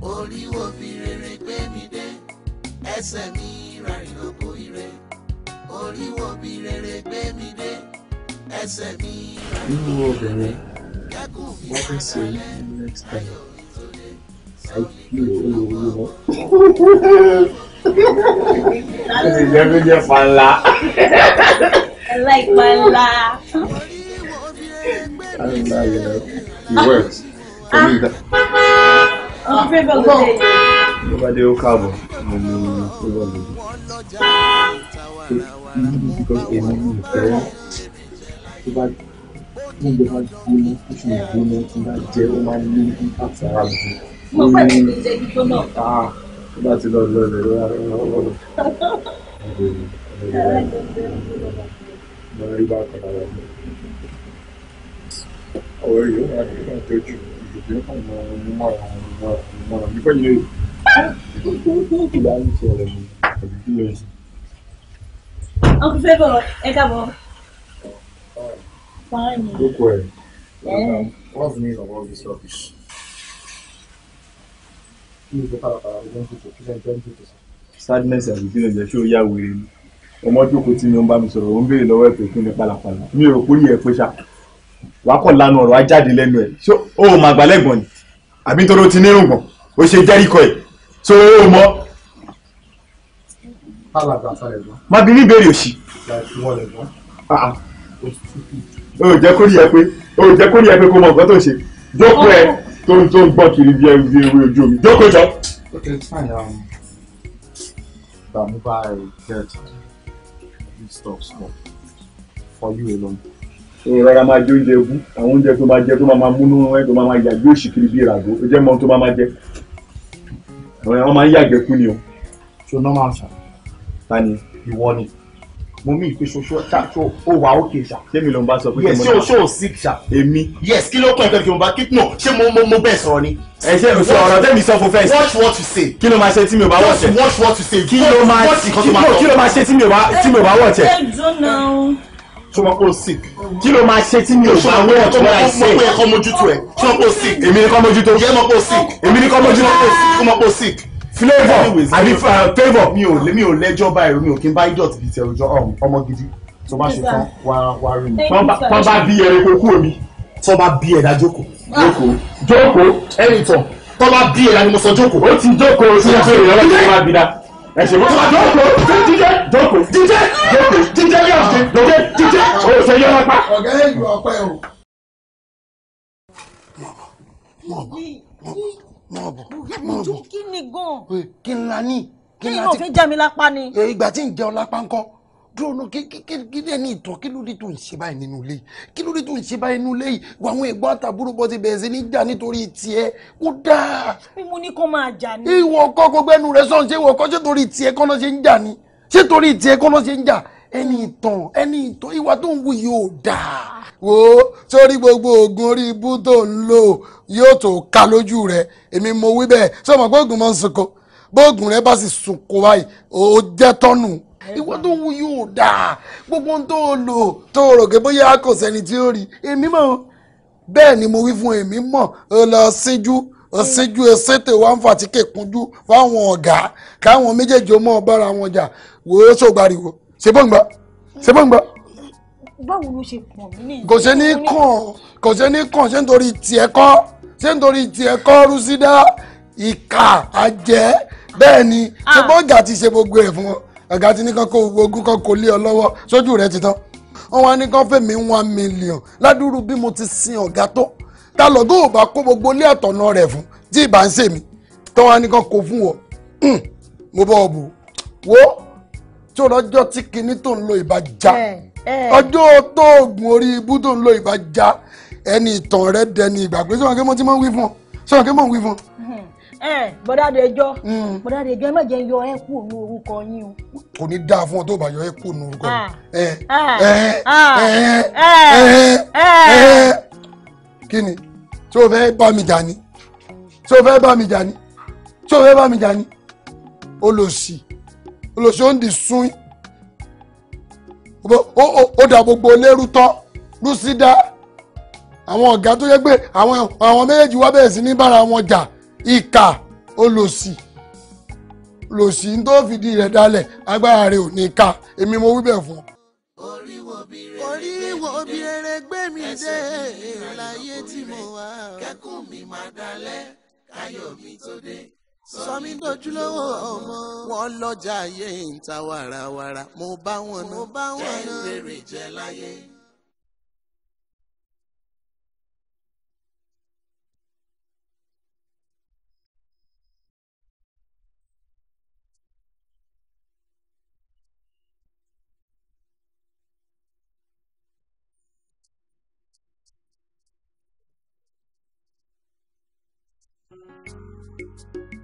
orí wo fi rere gbé mi dé ẹsẹ̀ mi rárìn lóko ire orí wo fi rere gbé mi dé ẹsẹ̀ mi rárìn lóko ire kẹ́kùn mi rárẹ̀ ayọ̀ mi tó lé sọ́ọ̀lì mi tó lọ́wọ́. Ẹsẹ̀ jẹ́ kó jẹ́ panla. I like panla. it works favourite ball today. ló bá dé ó káàbọ̀ mo ní favourite ball because èmi ní ìfẹ́ tó bá gbọ́dọ̀ bá gbóná tó ṣe gbóná tó bá jẹ́ ó máa ń ní impact ara mi. mo fẹ́ mi ní jẹ́ gbígbóná. tó bá ti lọ lọ lẹ̀ lọ́wọ́ lọ́wọ́ lọ́wọ́. mo rí bá a kọ̀ lára mi ọ̀rọ̀ yìí ó wà nígbà tó jù ìdílé kan mọ́ ọ́n mọ́ ọ́n mọ́ ọ́n before you know it. Uncle Favour, ẹ káàbọ̀. Fine. Look well. Yeah. What's the meaning of all this rubbish? Sadness and weakness ẹ̀ ṣé ó yá wèrè ni. Ọmọ jókòó tí mi ń bá ni pálapàla. Mi ò rò pé ó yẹ ẹ pé ṣá. Wàá kọ̀ o ò máa gbálẹ́gbọ̀n ni? Àbí nítorí o ti nírùngbọ̀n? o ṣe jẹ́ríkọ ẹ̀ tó o mọ́. má bí mi béèrè òṣì. Ah. o jẹ́ kó rí ẹ pé o jẹ́ kó rí ẹ pé kó mọ nǹkan tó ń ṣe jókòó ẹ tó ń tó ń gbọ́ kiri bí ẹrù bí ewé ojú omi jókòó jọ. Okay, fine. jẹ́ ẹ̀ stop small for you alone rọra máa jẹ oúnjẹ ewu àwọn oúnjẹ tó máa jẹ tó máa máa múnú ẹ tó máa máa yàgbé òṣìkiri bíi ìràgó ó jẹ mọ tó máa máa jẹ àwọn èèyàn máa ń yàgbẹ́ kú ni o. so normal sa. ta ni. ìwọ ni. mo mí ìpè ṣoṣo ṣaṣo ó wà ókè ṣá. sẹ́mi ló ń bá sọ pé kí mo náà. yẹ ṣé o ṣó o sick ṣá. èmi. yes kí ló kọ́ ẹ̀fẹ́ kí mo bá kí no ṣé mo mo mo bẹ́ẹ̀ sọ̀rọ̀ ni. ẹ ṣe ìṣe ọ̀rọ̀ tẹ́mi sọ fún first. watch what you say. kí ló máa ṣe tí mi ò bá wọ̀ tẹ̀. just watch what you say. kí ló máa ṣe tí mi ò bá wọ̀ tẹ̀ tó mọ̀ pé o sick. kí ló máa ṣe tí mi ò bá wẹ̀ tó máa ṣe. mo pé ẹ̀kọ́ mójútó ẹ̀ tó mọ̀ pé o sick. èmi ni kọ́ mójútó. yẹ́ mọ̀ pé o sick. èmi ni kọ́ mójútó. tó mọ̀ pé o sick. flavour àbí favour. mi ò uh, mi ò lẹ́jọ́ báyìí mi ò kí n bá idiot bíi ti ọjọ́ um, ọmọ gidi tó bá ṣe tán wá wá rí mi. wọ́n bá bí ẹ̀rẹ́ kókó mi tó bá bí ẹ̀dá jókòó. jókòó jókòó ẹ̀rìntàn tó bá bí ẹ̀dá ni mo sọ jókòó. ó ti jókòó sí ọjọ́ ìrọ̀lẹ́ tó bá bí dá ẹsẹ wọn sọ jọkọ jíjẹ jọkọ jíjẹ jọkọ jíjẹ yóò ṣe jọkọ jíjẹ o ṣe yọra pa. ọ̀gá ẹ̀ ju ọpẹ o. mọ̀ bọ̀ mọ̀ bọ̀ kí ni gan. kí n la ní. kí n la ti kí n ò fi jẹ́ mi lápá ni. ìgbà tí ń jẹun lápá ńkọ́ dúró kí kí kí kí lẹ́ni ìtọ́ kí ló dé tó ń ṣe báyìí nínú ilé kí ló dé tó ń ṣe báyìí nínú ilé yìí wọ àwọn ẹ̀gbọ́n àtàbúrò bọ́ ti bẹ̀rẹ̀ sí ní jà nítorí tiẹ̀ kó dáa. bí mo ní kó máa jà ní. ìwọ ọkọ gbogbo ẹnu rẹ sọ̀n ṣé ìwọ ọkọ ṣé torí tiẹ̀ kọ́ ló ṣe ń jà ni ṣé torí tiẹ̀ kọ́ ló ṣe ń jà ẹni ìtàn ẹni ìtàn ìwà tó ń wù yóò dáa. wo sórí gbogbo oògùn orí ibú tó ń lò yóò tó ka lójú rẹ èmi mo wí bẹ́ẹ̀ sọmọ gbóògùn mọ́ sunko gbóògùn rẹ bá sì sunko báyìí ó jẹ́ tọ́nù ìwọ tó wù yóò dáa gbogbo ohun tó o lò tó o rò pé bóyá kò sẹ́ni tí ó rí èmi mọ̀ bẹ́ẹ̀ ni mo wí fún èmi mọ̀ ọ lọ síjú ọ̀sẹ́jú ẹsẹ́tẹ̀ wá ń fà tí kẹ̀kúnjú fáwọn ọ̀gá káwọn méjèèjì ọmọ ọ̀bára wọn jà wò ó sọ̀gbàriwo ṣe bọ́ ń gbà ṣe bọ́ ń gbà. báwo ló ṣe kàn mí ní. kò ṣe ní kàn kò ṣe ní kàn ṣé nítorí tiẹ̀ kọ́ ṣé nítorí tiẹ̀ kọ́ rúṣídá ìkà àjẹ́ bẹ́ẹ̀ ni ṣe ah. bọ́ọ̀gà ti ṣe gbogbo ẹ̀ fún ọ ọ̀gá ti ní kan kó ogún kan kò lé ọ lọ́wọ́ sójú rẹ ti tán wọn wá ní kan fèmí one million ládùúrú bí mo ti sin ọ̀gá tó ta lọ́gọ́ ò bá kó gbogbo ilé àtọ̀nà rẹ̀ fún tí ìbá ń sèmi tó wá ní kan kó fún wọ hmm, mo bọ́ ọ bò wo tí o lọ́jọ́ tí kinní tó ń lo ìbá já eh, eh. ọjọ́ tó oògùn orí ibú tó ń lo ìbá já ẹni ìtàn rẹ dẹni ìgbàgbé sọ̀rọ̀ kí mo ti máa ń wí fún ọ sọ̀rọ̀ kí mo ń wí fún ọ. Hmm ẹ bọ́dá Dèjọ́ hmm. bọ́dá Dèjọ́ ẹ má jẹ́ yọ ẹ kú òun orúkọ yín o. kò ní dáa fún ọ tó bá yọ ah. ẹ kú òun orúkọ yín. kí ni tí o fẹ́ bá mi jà ni tí o fẹ́ bá mi jà ni tí o fẹ́ bá mi jà ni olòṣì olòṣì ó ń di sún ó dà gbogbo lérú tán rúsídà àwọn ọ̀gá tó yẹ pé àwọn méjèèjì wá bẹ̀rẹ̀ sí ní bára wọn jà ìkà olòṣì olòṣì ń tó fìdí rẹ̀ dálẹ̀ agbára rẹ̀ ò ní ká èmi mo wí bẹ́ẹ̀ fún ọ. orí wo bí rere gbé mi dé láyé tí mo wà. kẹ́kùn mi máa dalẹ̀ káyọ̀ mi tó dé sọmi dojúlówó ọmọ wọn lọjà ayé ń ta wàràwàrà mo bá wọn náà. mo bá wọn láyé. Thank you.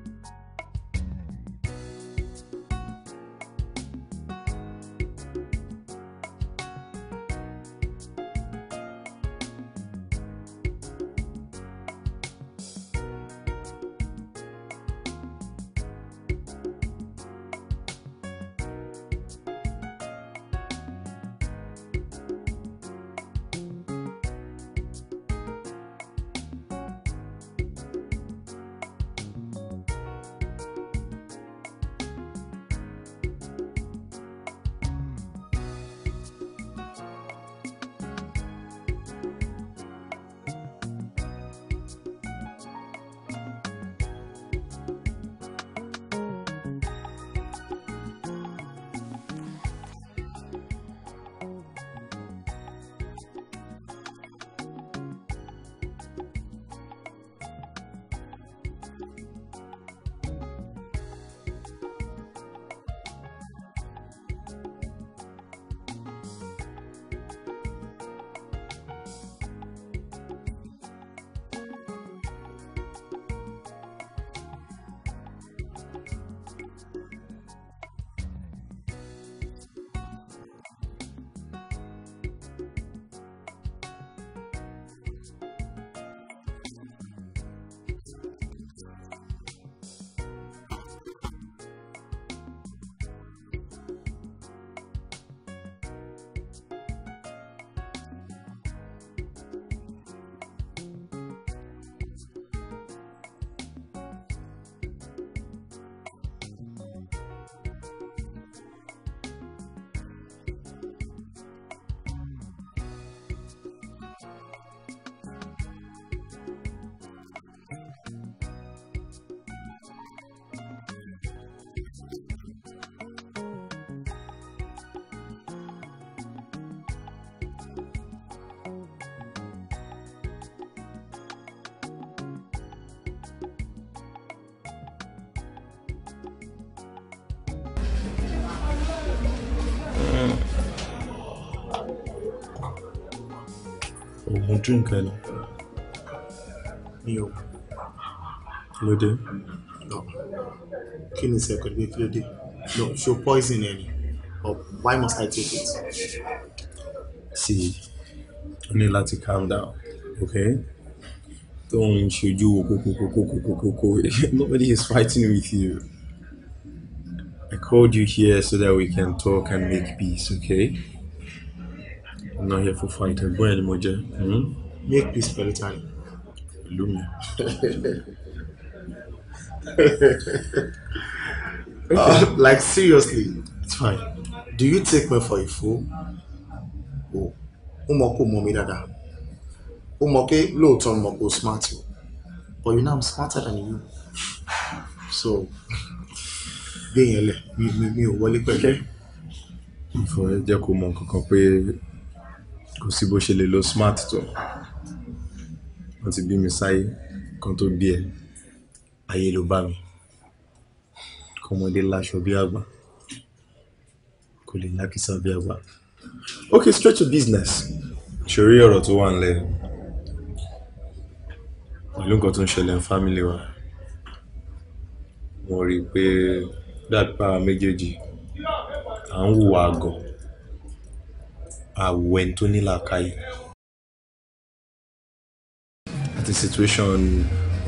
drink early? Mi No. Kí ló dé? No. Kí ni ìṣe ẹ̀kọ́ ìgbé kí ló dé? No, ṣo poison ẹ ni? Or why must I take it? See, o ní láti calm down, okay? Tó ń ṣojú wo kókókókókókókó. Nobody is fighting with you. I called you here so that we can talk and make peace, okay? I'm not here for fighting. ẹ̀gbọ́n ẹ̀ ni mo hmm? Make peace pẹ̀lú tani. Pẹ̀lú mi. uh, like seriously. It's fine. Do you take me for a fool? Oh, ó mọ kó mọ mi dáadáa. Ó mọ smart o. But you know I'm smarter than you. So gbé yẹn lẹ̀ mi ò wọlé pẹ̀lú. Ìfọ̀rẹ́ jẹ́ kó mọ nǹkan kan pé kò sí bó ṣe lè lo smart tó wọ́n ti bí mi sáyé kan tó bí ẹ ayé ló bá mi kọ́mọdé láṣọ bí àgbà kò lè lákìsà bí àgbà ok stretch to business ṣòrí ọ̀rọ̀ tó wà nílẹ̀ pẹ̀lú nǹkan tó ń ṣẹlẹ̀ ní fámìlì wa mo rí i pé dábàá méjèèjì à ń hùwà àgọ̀ àwọ̀ ẹni tó ní làákàyè situation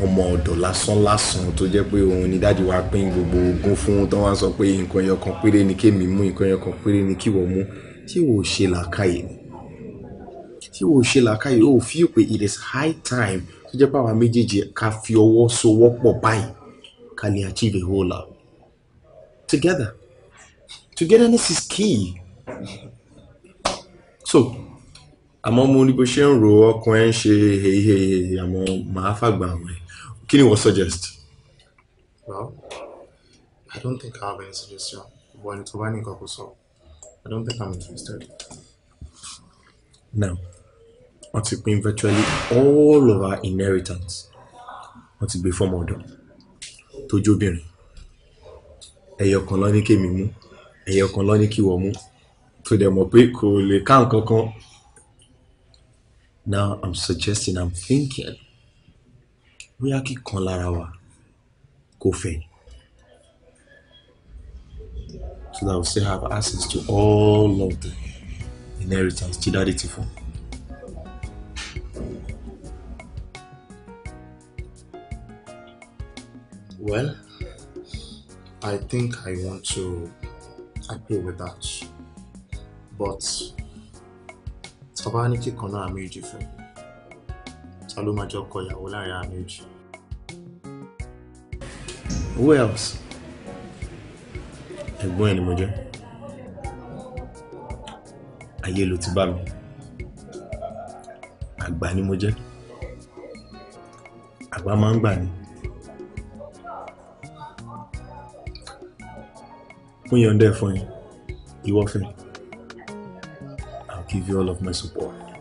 ọmọ ọ̀dọ̀ lásán lásán tó jẹ́ pé òun ni dáàdi wa pín gbogbo ogún fún tó wá sọ pé nǹkan ẹyọ kan péré ni kémi mú nǹkan ẹyọ kan péré ni kíwọ mú tí wò ó ṣe làákàyè ni tí wò ó ṣe làákàyè ó fi pé it is high time tó jẹ́ pé àwa méjèèjì ká fi ọwọ́ sowọ́pọ̀ báyìí ká lè achieve a whole lot together togetherness is key so àmọ́ mo ní bó ṣe ń ro ọkàn ẹ̀ ń ṣe hehehe àmọ́ màá fàgbà àwọn ẹ̀ kí ni wọ́n suggest. well i don't think i have any suggestion but ẹni tó bá ní nǹkan kó sọ i don't think i'm interested. now wọ́n ti pín virtually all of our inheritance wọ́n ti gbé fọ́mọ ọ̀dọ̀ tó jóbìnrin ẹ̀yọ̀kan ló ní kémi mú ẹ̀yọ̀kan ló ní kíwọ́ mú tó dẹ̀ mọ̀ pé kò lè ká nǹkan kan now i'm suggesting i'm thinking bóyá kíkan lára wa kò fẹ́ so that we still have access to all of the inheritance tí dáadé ti fún. Well, I think I want to agree with that but tàbá ní kíkan náà méjì fún ta ló máa jọ kọ ìyàwó láàrin àmì méjì. who else? ẹ̀gbọ́n ẹ̀ ni mo jẹ́ ayé ló ti bá mi àgbà ni mo jẹ́ àgbà máa ń gbà ni mo yàn fún yín ìwọ give you all of my support.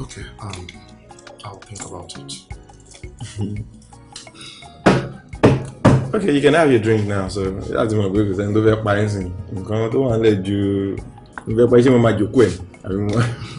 Okay, um, I'll think about it. okay, you can have your drink now. So láti mọ̀ pé kò sẹ́ni tó fẹ́ pa ẹ́ sìn nǹkan tó wà ń lẹ̀ ju ìfẹ́ pa iṣẹ́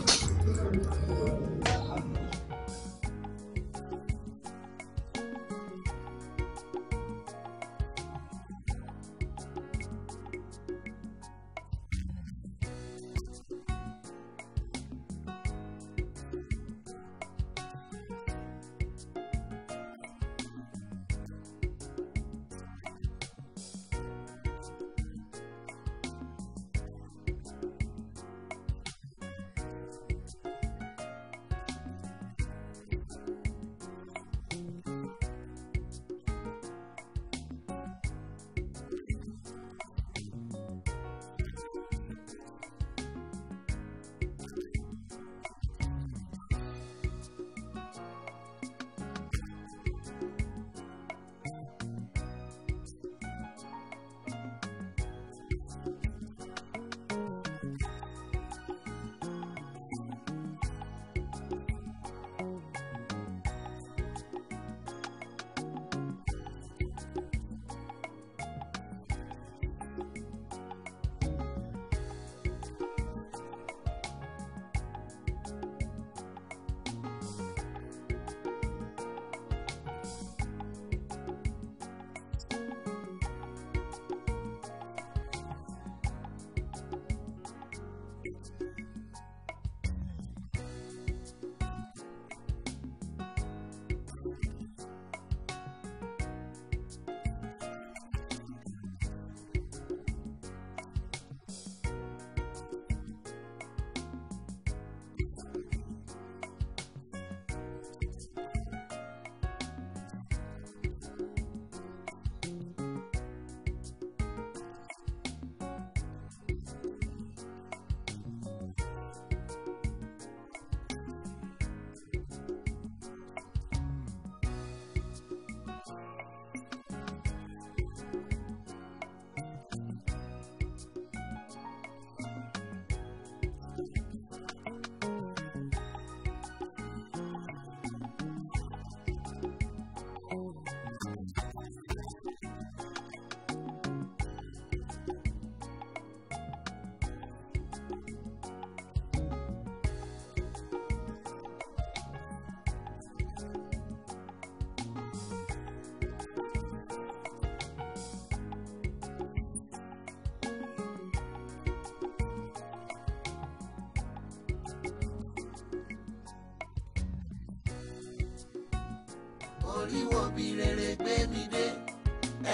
orí wo rere gbé mi dé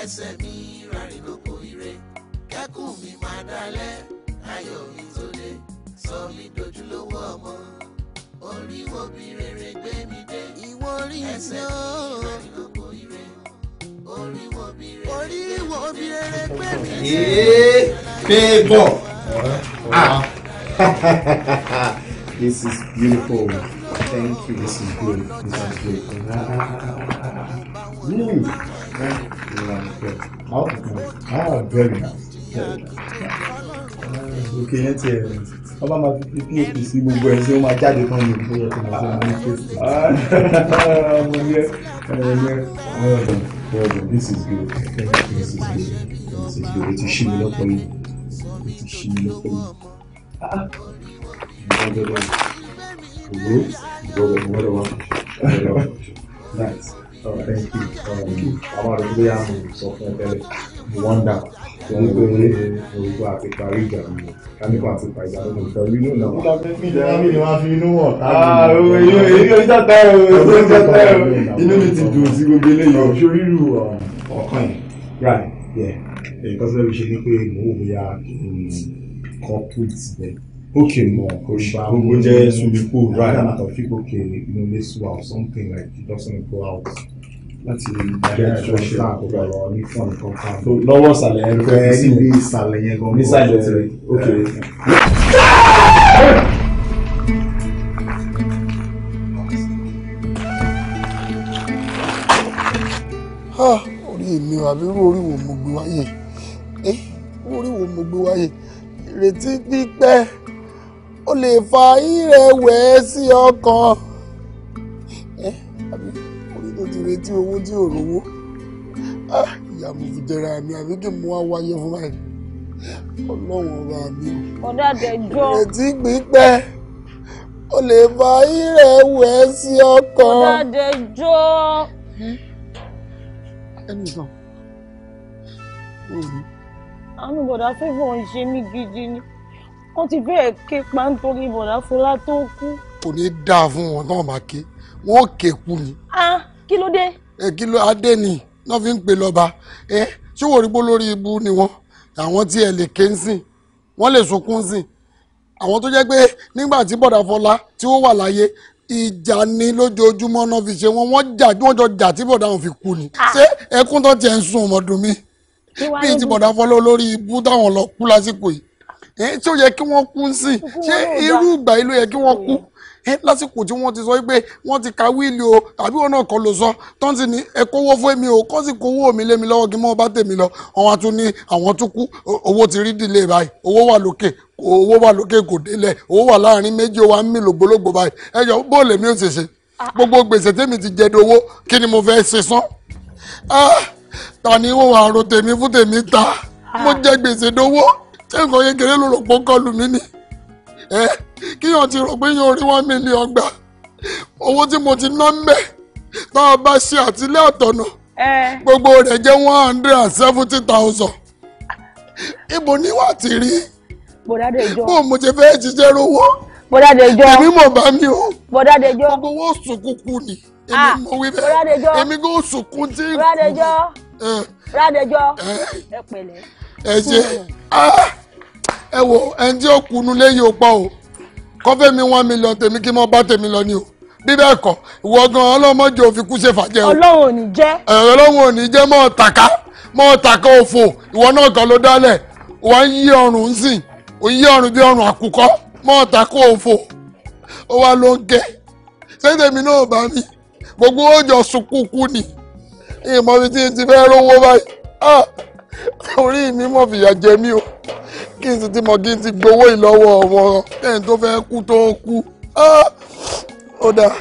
ẹsẹ̀ mi rárìn lóko ire kẹ́kùn mi máa dálẹ̀ ayọ̀ mi tó sọ mi dojúlówó ọmọ orí wo rere gbé mi dé ẹsẹ̀ mi rárìn lóko ire orí wo bí rere gbé mi dé. ee favour ah this is beautiful thank you this is good this is good. Ooh, how how very nice. Òkè yẹn ti ẹ̀ wọ́n bá máa fi POP sí gbogbo ẹ̀ ṣé ó máa jáde tán ní ìpínlẹ̀ tó máa ṣe máa ń ké sí. Mo ní ẹ ẹ ẹ well done well done this is good this is good this is good o ti ṣí mi lọ́pọ̀ yìí o ti ṣí mi lọ́pọ̀ yìí. Ìgbà gbọ́dọ̀ ògbó ìgbà gbọ́dọ̀ wọ́n lọ́wọ́ nice. Oh, thank you. Àwọn àdúgbò yà mí sọ fún ẹ tẹ́lẹ̀. Wọ́ndà. Wọ́n gbé orúkọ àti parí ìjà mi. Káníkọ̀ àti parí ìjà know now. orí náà náà. Ìjà mi ìjà mi ni wọ́n fi inú wọ̀ tá. Àwọn èèyàn èyí ló ń you. ẹ̀ o. Ó ń jàtá ẹ̀ o. Inú mi ti dùn sí gbogbo eléyìí. Ọ̀ṣọ́ rírù ọ̀kan yìí. Right, yeah. Èyí kan sọ́dọ̀ ṣe ni pé mò ń wò bóyá kọ́pù tibẹ̀. Okay, no, Oshigogo jẹ́ swimming pool, right? Rather than Taofik, okay, you know, let's go out something like he doesn't go out. Láti ìdájọ́ ṣe àkókò ọ̀rọ̀ ní fún ọ̀nà kan. Lọ́wọ́ ìsàlẹ̀ yẹn fẹ́ níbi ìsàlẹ̀ yẹn gan-an. Ní ìsàlẹ̀ yẹn, okay. Orí èmi wà bí orí wo mo gbé wáyé? Eh, orí wo mo gbé wáyé? Ìrètí pípẹ́ ó lè fa ìrẹ̀wẹ̀sì ọkàn ẹ àbí orí tó ti retí owó tí ò rówó ìyá mi fi jẹra mi àbí kí mo wá wáyé fún báyìí ọlọ́run ọba mi o. ọ̀dà àdẹ̀jọ́. ìrètí pípẹ́ ó lè fa ìrẹ̀wẹ̀sì ọkàn. ọ̀dà àdẹ̀jọ́. ẹnìkan. àánú bọ̀dá fífọ̀ ń ṣe mí gidi ni wọ́n ti fẹ́ẹ̀ ké pa nítorí bọ̀dá fọlá tó kú. kò ní í dáa fún wọn náà máa ké wọn ò ké kú ni. ah kí ló dé. ẹ kí ló adé ni náà fi ń pè lọ́ba ẹ ṣé wò rí bó lórí ibu ni wọn àwọn tí ẹ lè ké ń sìn wọn lè sunkún sìn àwọn tó jẹ́ pé nígbà tí bọ̀dá fọlá tí ó wà láyé ìjà ni lójoojúmọ́ náà fi ṣe wọn wọ́n jà wọ́n jọ jà tí bọ̀dá wọn fi kú ni ah. ṣé ẹkún tó tiẹ̀ ń sun ọmọdún mi bíi ti bọ̀dá fọlá olórí ibú táwọn lọ kú lásìkò yìí tí ó yẹ kí wọ́n kú sí ṣé irú ìgbà yìí ló yẹ kí wọ́n kú lásìkò tí wọ́n ti sọ pé wọ́n ti ka wíìlì o àbí wọn náà kọ́ ló sọ tán ti ní ẹ kówó fún mi o kọ́ sì kówó mi lé mi lọ́wọ́ kí mọ́ bá tèmi lọ àwọn tún ní àwọn tún kú owó ti rí dìlé báyìí owó wà lókè owó wà lókè kò délẹ̀ owó wà láàrin méjì ó ń mì lògbólógbò báyìí ẹ jọ bóòlù mi ò ṣèṣe ah. gbogbo gbèsè tèmi ti jẹ dowó kí ni mo fẹ́ ṣe sán ah, ta ni ó wà àrò tèmi fún tèmi ta mo ah. jẹ gbèsè dowó. se nǹkan kékeré ló rò ni kíyàn ti rò pé yóò rí one mo ti ná ń tá a bá ṣe àtìlẹ́ ọ̀tọ̀nà gbogbo rẹ̀ jẹ́ one hundred and seventy thousand ibo ni wàá ti rí bó mo fẹ́ rówó èmi mọ̀ bá mi o gbogbo owó ni ah, èmi mọ̀ wí bẹ́ẹ̀ èmi kò tí kú. ẹwọ wo ẹni tí ó o kọ́fẹ́ mi one million tèmi kí mo lọ ni o bí bẹ́ẹ̀ kọ́ ìwọ gan ọlọ́mọdé òfin kú ṣe o ọlọ́run ò ní jẹ́ ò ní òfò ìwọ náà kan ló wà á gbogbo ọjọ ni ìmọ̀ mi ti ti fẹ́ rówó báyìí ah! orí mi mọ̀ fìyà jẹ mí o kí n sì ti mọ̀ kí n ti gbowó ìlọ́wọ́ wọn kẹ́hìn tó fẹ́ kú tó kú ah! ó dáa.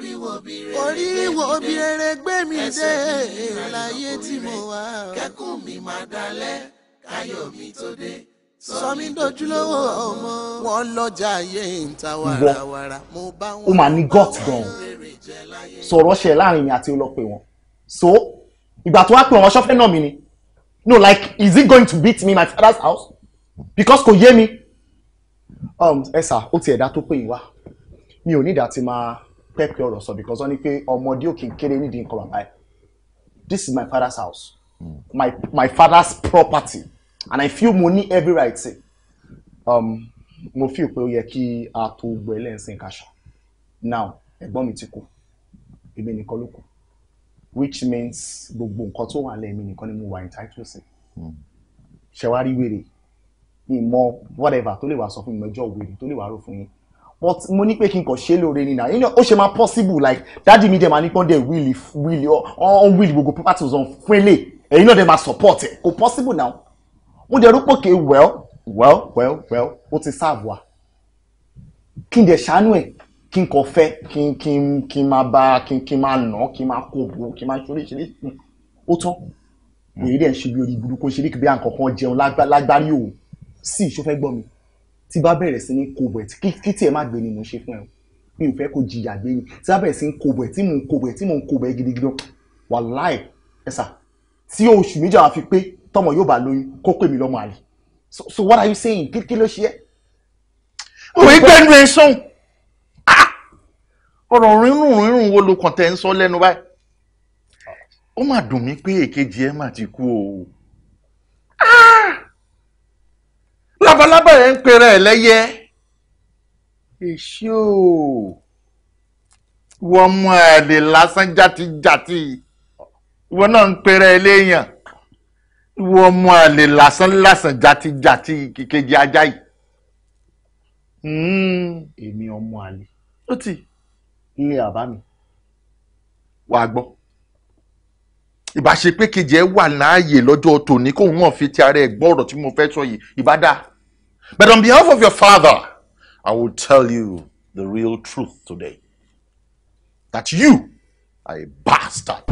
oríwo bí rere gbé mi dé láyé tí mo wà. kẹ́kùn mi máa dalẹ̀ káyọ̀ mi tó dé sọmi dojúlówó ọmọ wọn lọjà ayé ìta warawara mo bá wọn. ó máa ní gut gan sọ̀rọ̀ ṣe láàrin mi àti ọlọ́pẹ̀ wọn so ìgbà tó wá pé wọn ṣọ́fẹ́ náà mi ni no like is it going to beat me in my father's house because kò yé mi um ẹ sà ó ti ẹ̀dá tó pé ìwà mi ò ní ìdá tí máa pẹ́pẹ́ ọ̀rọ̀ sọ because wọ́n ní pé ọmọdé òkè kéré nídìí nǹkan bàbá ẹ̀ this is my father's house mm. my my father's property and I feel mo ní every right say um, mo feel pé ó yẹ kí a tó gbọ́ ẹlẹ́sìn kaṣọ now ẹ̀gbọ́n mi ti kú èmi nìkan ló kù which means gbogbo nǹkan tó wà lẹ́ẹ̀mí nìkan ni mo wà entitled sí hmm. ṣẹ̀wárí wèrè ìmọ̀ whatever tó lè wà sọ fún mi mẹ́jọ wèrè tó lè wà rò fún yín but mo ní pé kí n kàn ṣe lóore nínà yín ó ṣe máa possible like dáàdi mi dẹ̀ máa nípọ́n dẹ̀ wíìlì wíìlì ọ̀n wíìlì gbogbo property ọ̀sán fún ilé èyí náà dẹ̀ máa support ẹ̀ kò possible now mo dẹ̀ rú pòkè well well well well ó ti serve wa kí n dẹ̀ ṣàánú ẹ̀ kí n kàn fẹ́ kí n kí n kí n máa bá kí n kí n máa nà kí n máa kó bu kí n máa ṣoríṣiríṣi ó tán èyí dẹ̀ ń ṣe bí orí burúkú ṣe ní kí bí à ń kọ̀ọ̀kan jẹun lágbárí òun sí ìṣó gbọ́ mi tí bá bẹ̀rẹ̀ sí ní kobo ẹ̀ kí tiẹ̀ má gbé ni mo ṣe fún ẹ mi ò fẹ́ kó jìyà gbé ni tí bá bẹ̀rẹ̀ sí ní kobo ẹ̀ tí mò ń kobo ẹ̀ tí mò ń kobo ẹ̀ gidigidi wàláì ẹ̀sà tí oṣù méjì àwọn fi pé tọmọ yóò bá lóyún kó pè mí lọ́mọ àlè so what are you saying kí ló ṣe é. òwe gbẹ́nu ẹ sọ́hùn ọ̀rọ̀ rírùn rírùn wo ló kàn tẹ́ ń sọ lẹ́nu báyìí ó mà dùn mí pé èkejì ẹ mà ti kú o. Ah! labalábá yẹn ń pera ẹ̀ lẹ́yẹ o wọ́n mú àlè lásán jàtijàti ìwọ náà ń pera ẹ̀ léèyàn wọ́n mú àlè lásán lásán jàtijàti kìkejì ajá yìí. Hmm. èmi ọmọ àlè. ó ti. ilé àbá mi. wàá gbọ́ ìbá ṣe pé kejì ẹ wà láàyè lọ́jọ́ tòní kóun náà fi ti ara ẹ̀ gbọ́ ọ̀rọ̀ tí mo fẹ́ sọ yìí ìbá dáa But on behalf of your father, I will tell you the real truth today that you are a bastard.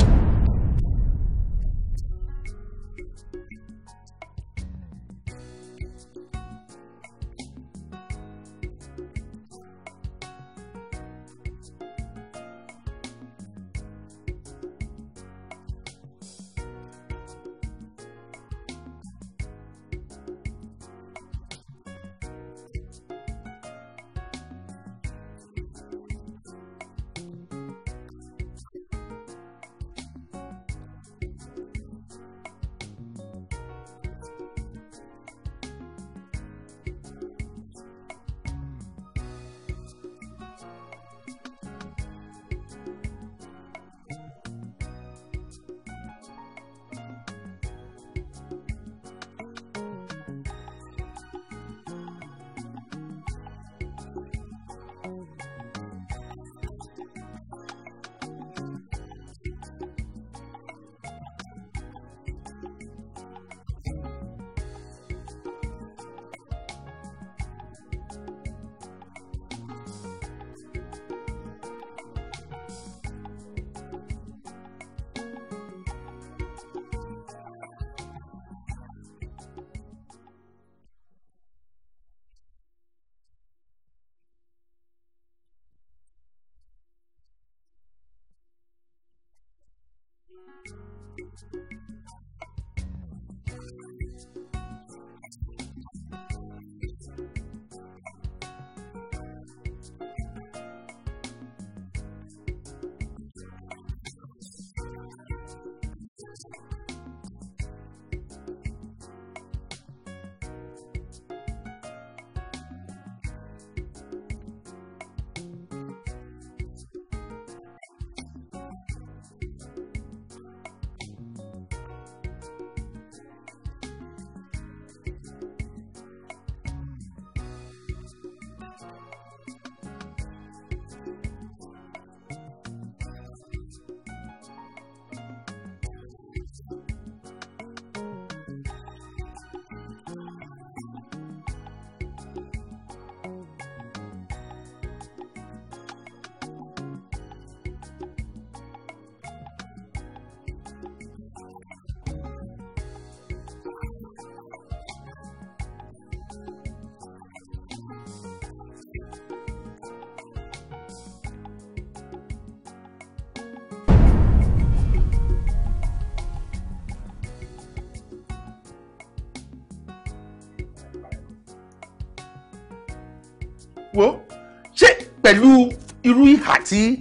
pẹ̀lú irú ìhà tí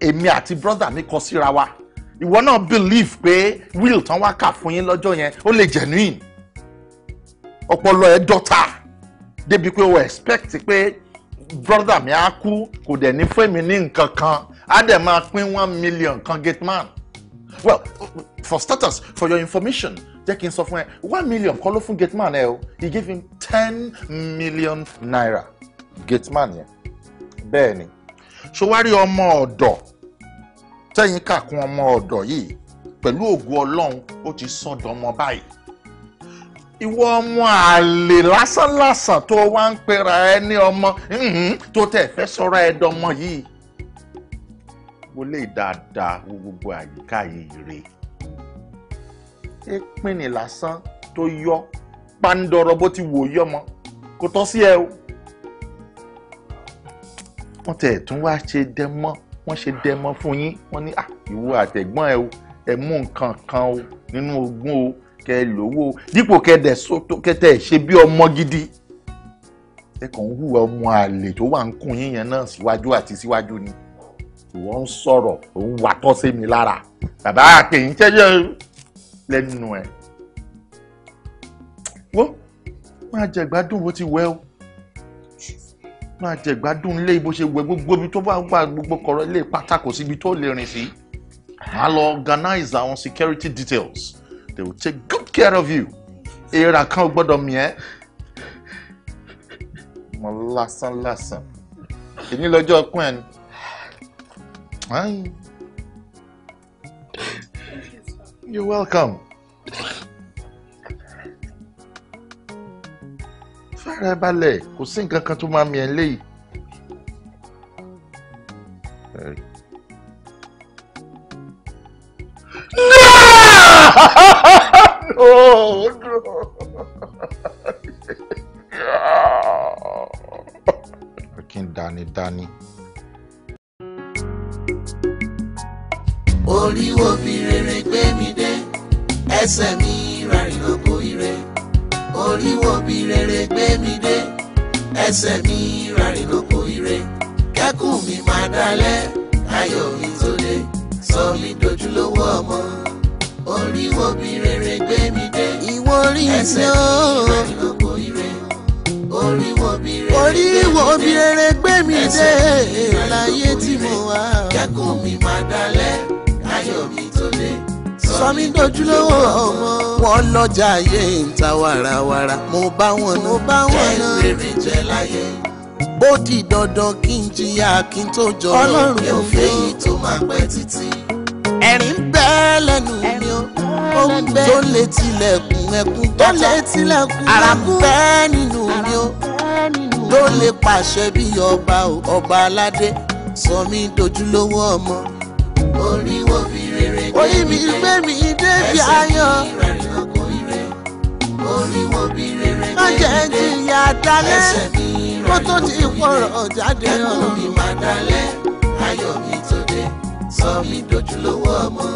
èmi àti brother mi kọ síra wa ìwọ náà believe pé will tán wá kà fún yín lọ́jọ́ yẹn ó lè genuine ọpọlọ ẹ dọ́ta débi pé o expect pé brother mi á kú kò dẹ̀ ní fún mi ní nǹkan kan á dẹ̀ máa pín one million kan gate man well for starters for your information jẹ́ kí n sọ fún ẹ one million kọ́ ló fún gate man ẹ o he gave him ten million naira gate man yẹn bẹ́ẹ̀ ni ṣó wá rí ọmọ ọ̀dọ̀ tẹ́yìn kàkún ọmọ ọ̀dọ̀ yìí pẹ̀lú ògo ọlọ́run ó ti sọ̀dọ̀ ọmọ báyìí ìwọ ọmọ àlè lásánlàsàn tó wá ń pera ẹ ní ọmọ tó tẹ̀ fẹ́ sọ̀rọ̀ ẹ dọmọ yìí wo lè dáadáa wo gbogbo àyíká yìí rè é pínlẹ̀ lásán tó yọ pàǹdọ̀rọ̀ bó ti wò yọmọ kò tọ́ sí ẹ o wọ́n tẹ̀ tún wá ṣe dẹ́mọ́ wọ́n ṣe dẹ́mọ́ fún yín wọ́n ní ìwọ àtẹ̀gbọ́n ẹ o ẹ mú nǹkan kan o nínú ogún o kẹ ẹ lówó o dípò kẹdẹ sótó kẹtẹ ṣe bí ọmọ gidi ẹ kàn ń hùwà ọmọ àlè tó wà ń kún yín yẹn náà síwájú àti síwájú ni ìwọ ń sọ̀rọ̀ òun wà tọ́ sí mi lára bàbá àkèyìn tẹ́jọ́ lẹ́nu ẹ̀ wọ́n máa jẹ̀gbádùn bó ti wẹ́ o máa jẹ ìgbádùn ilé bó ṣe wẹ gbogbo ibi tó bá wà gbogbo kọ̀rọ̀ ilé pátá kò síbi tó lè rìn sí máa lọ organize àwọn security details they will take good care of you èèrà kan ò gbọ́dọ̀ mì ẹ́ mọ lásán lásán èmi lọ́jọ́ ọkùn ẹ̀ ni. You're welcome. fara ẹ balẹ̀ kò sí nǹkan kan tó máa mi ẹ̀ léyìí. no, no. Fucking Danny, Danny. Orí wo bí rere gbé mi dé, ẹsẹ̀ mi rárìn lóko ire orí wo bí rere gbé mi dé ẹsẹ̀ mi rárẹ̀ lóko ire kẹ́kùn mi máa dálẹ̀ ayọ̀ mi tó lé sọ mi dojúlówó ọmọ orí wo bí rere gbé mi dé ẹsẹ̀ mi rárẹ̀ lóko ire orí wo bí rere gbé mi dé láyé tí mo wà kẹ́kùn mi máa dálẹ̀ sọmi dojúlówó ọmọ wọn lọjà ayé ń ta warawara mo bá wọn náà mo bá wọn náà jẹ rere jẹ láyé ó dandan kí n jìyà kí n tó jọrọ ọlọ́run mi ò fẹ́ yìí tó máa pẹ́ títí ẹ̀rín ń lẹ́nu mi o ohun tó lè tilẹ̀kùn ẹkún tó lè tilẹ̀kùn ara ń bẹ nínú mi o ló lè pàṣẹ bí ọba ọba aládé sọ mí ọmọ orí mi gbé mi débi ayọ̀. má jẹ́ jìyà dalẹ̀ kó tó ti pọ̀rọ̀ jáde hàn. ẹkún mi máa dalẹ̀ ayọ̀ mi tó dé sọ mi dojúlówó ọmọ.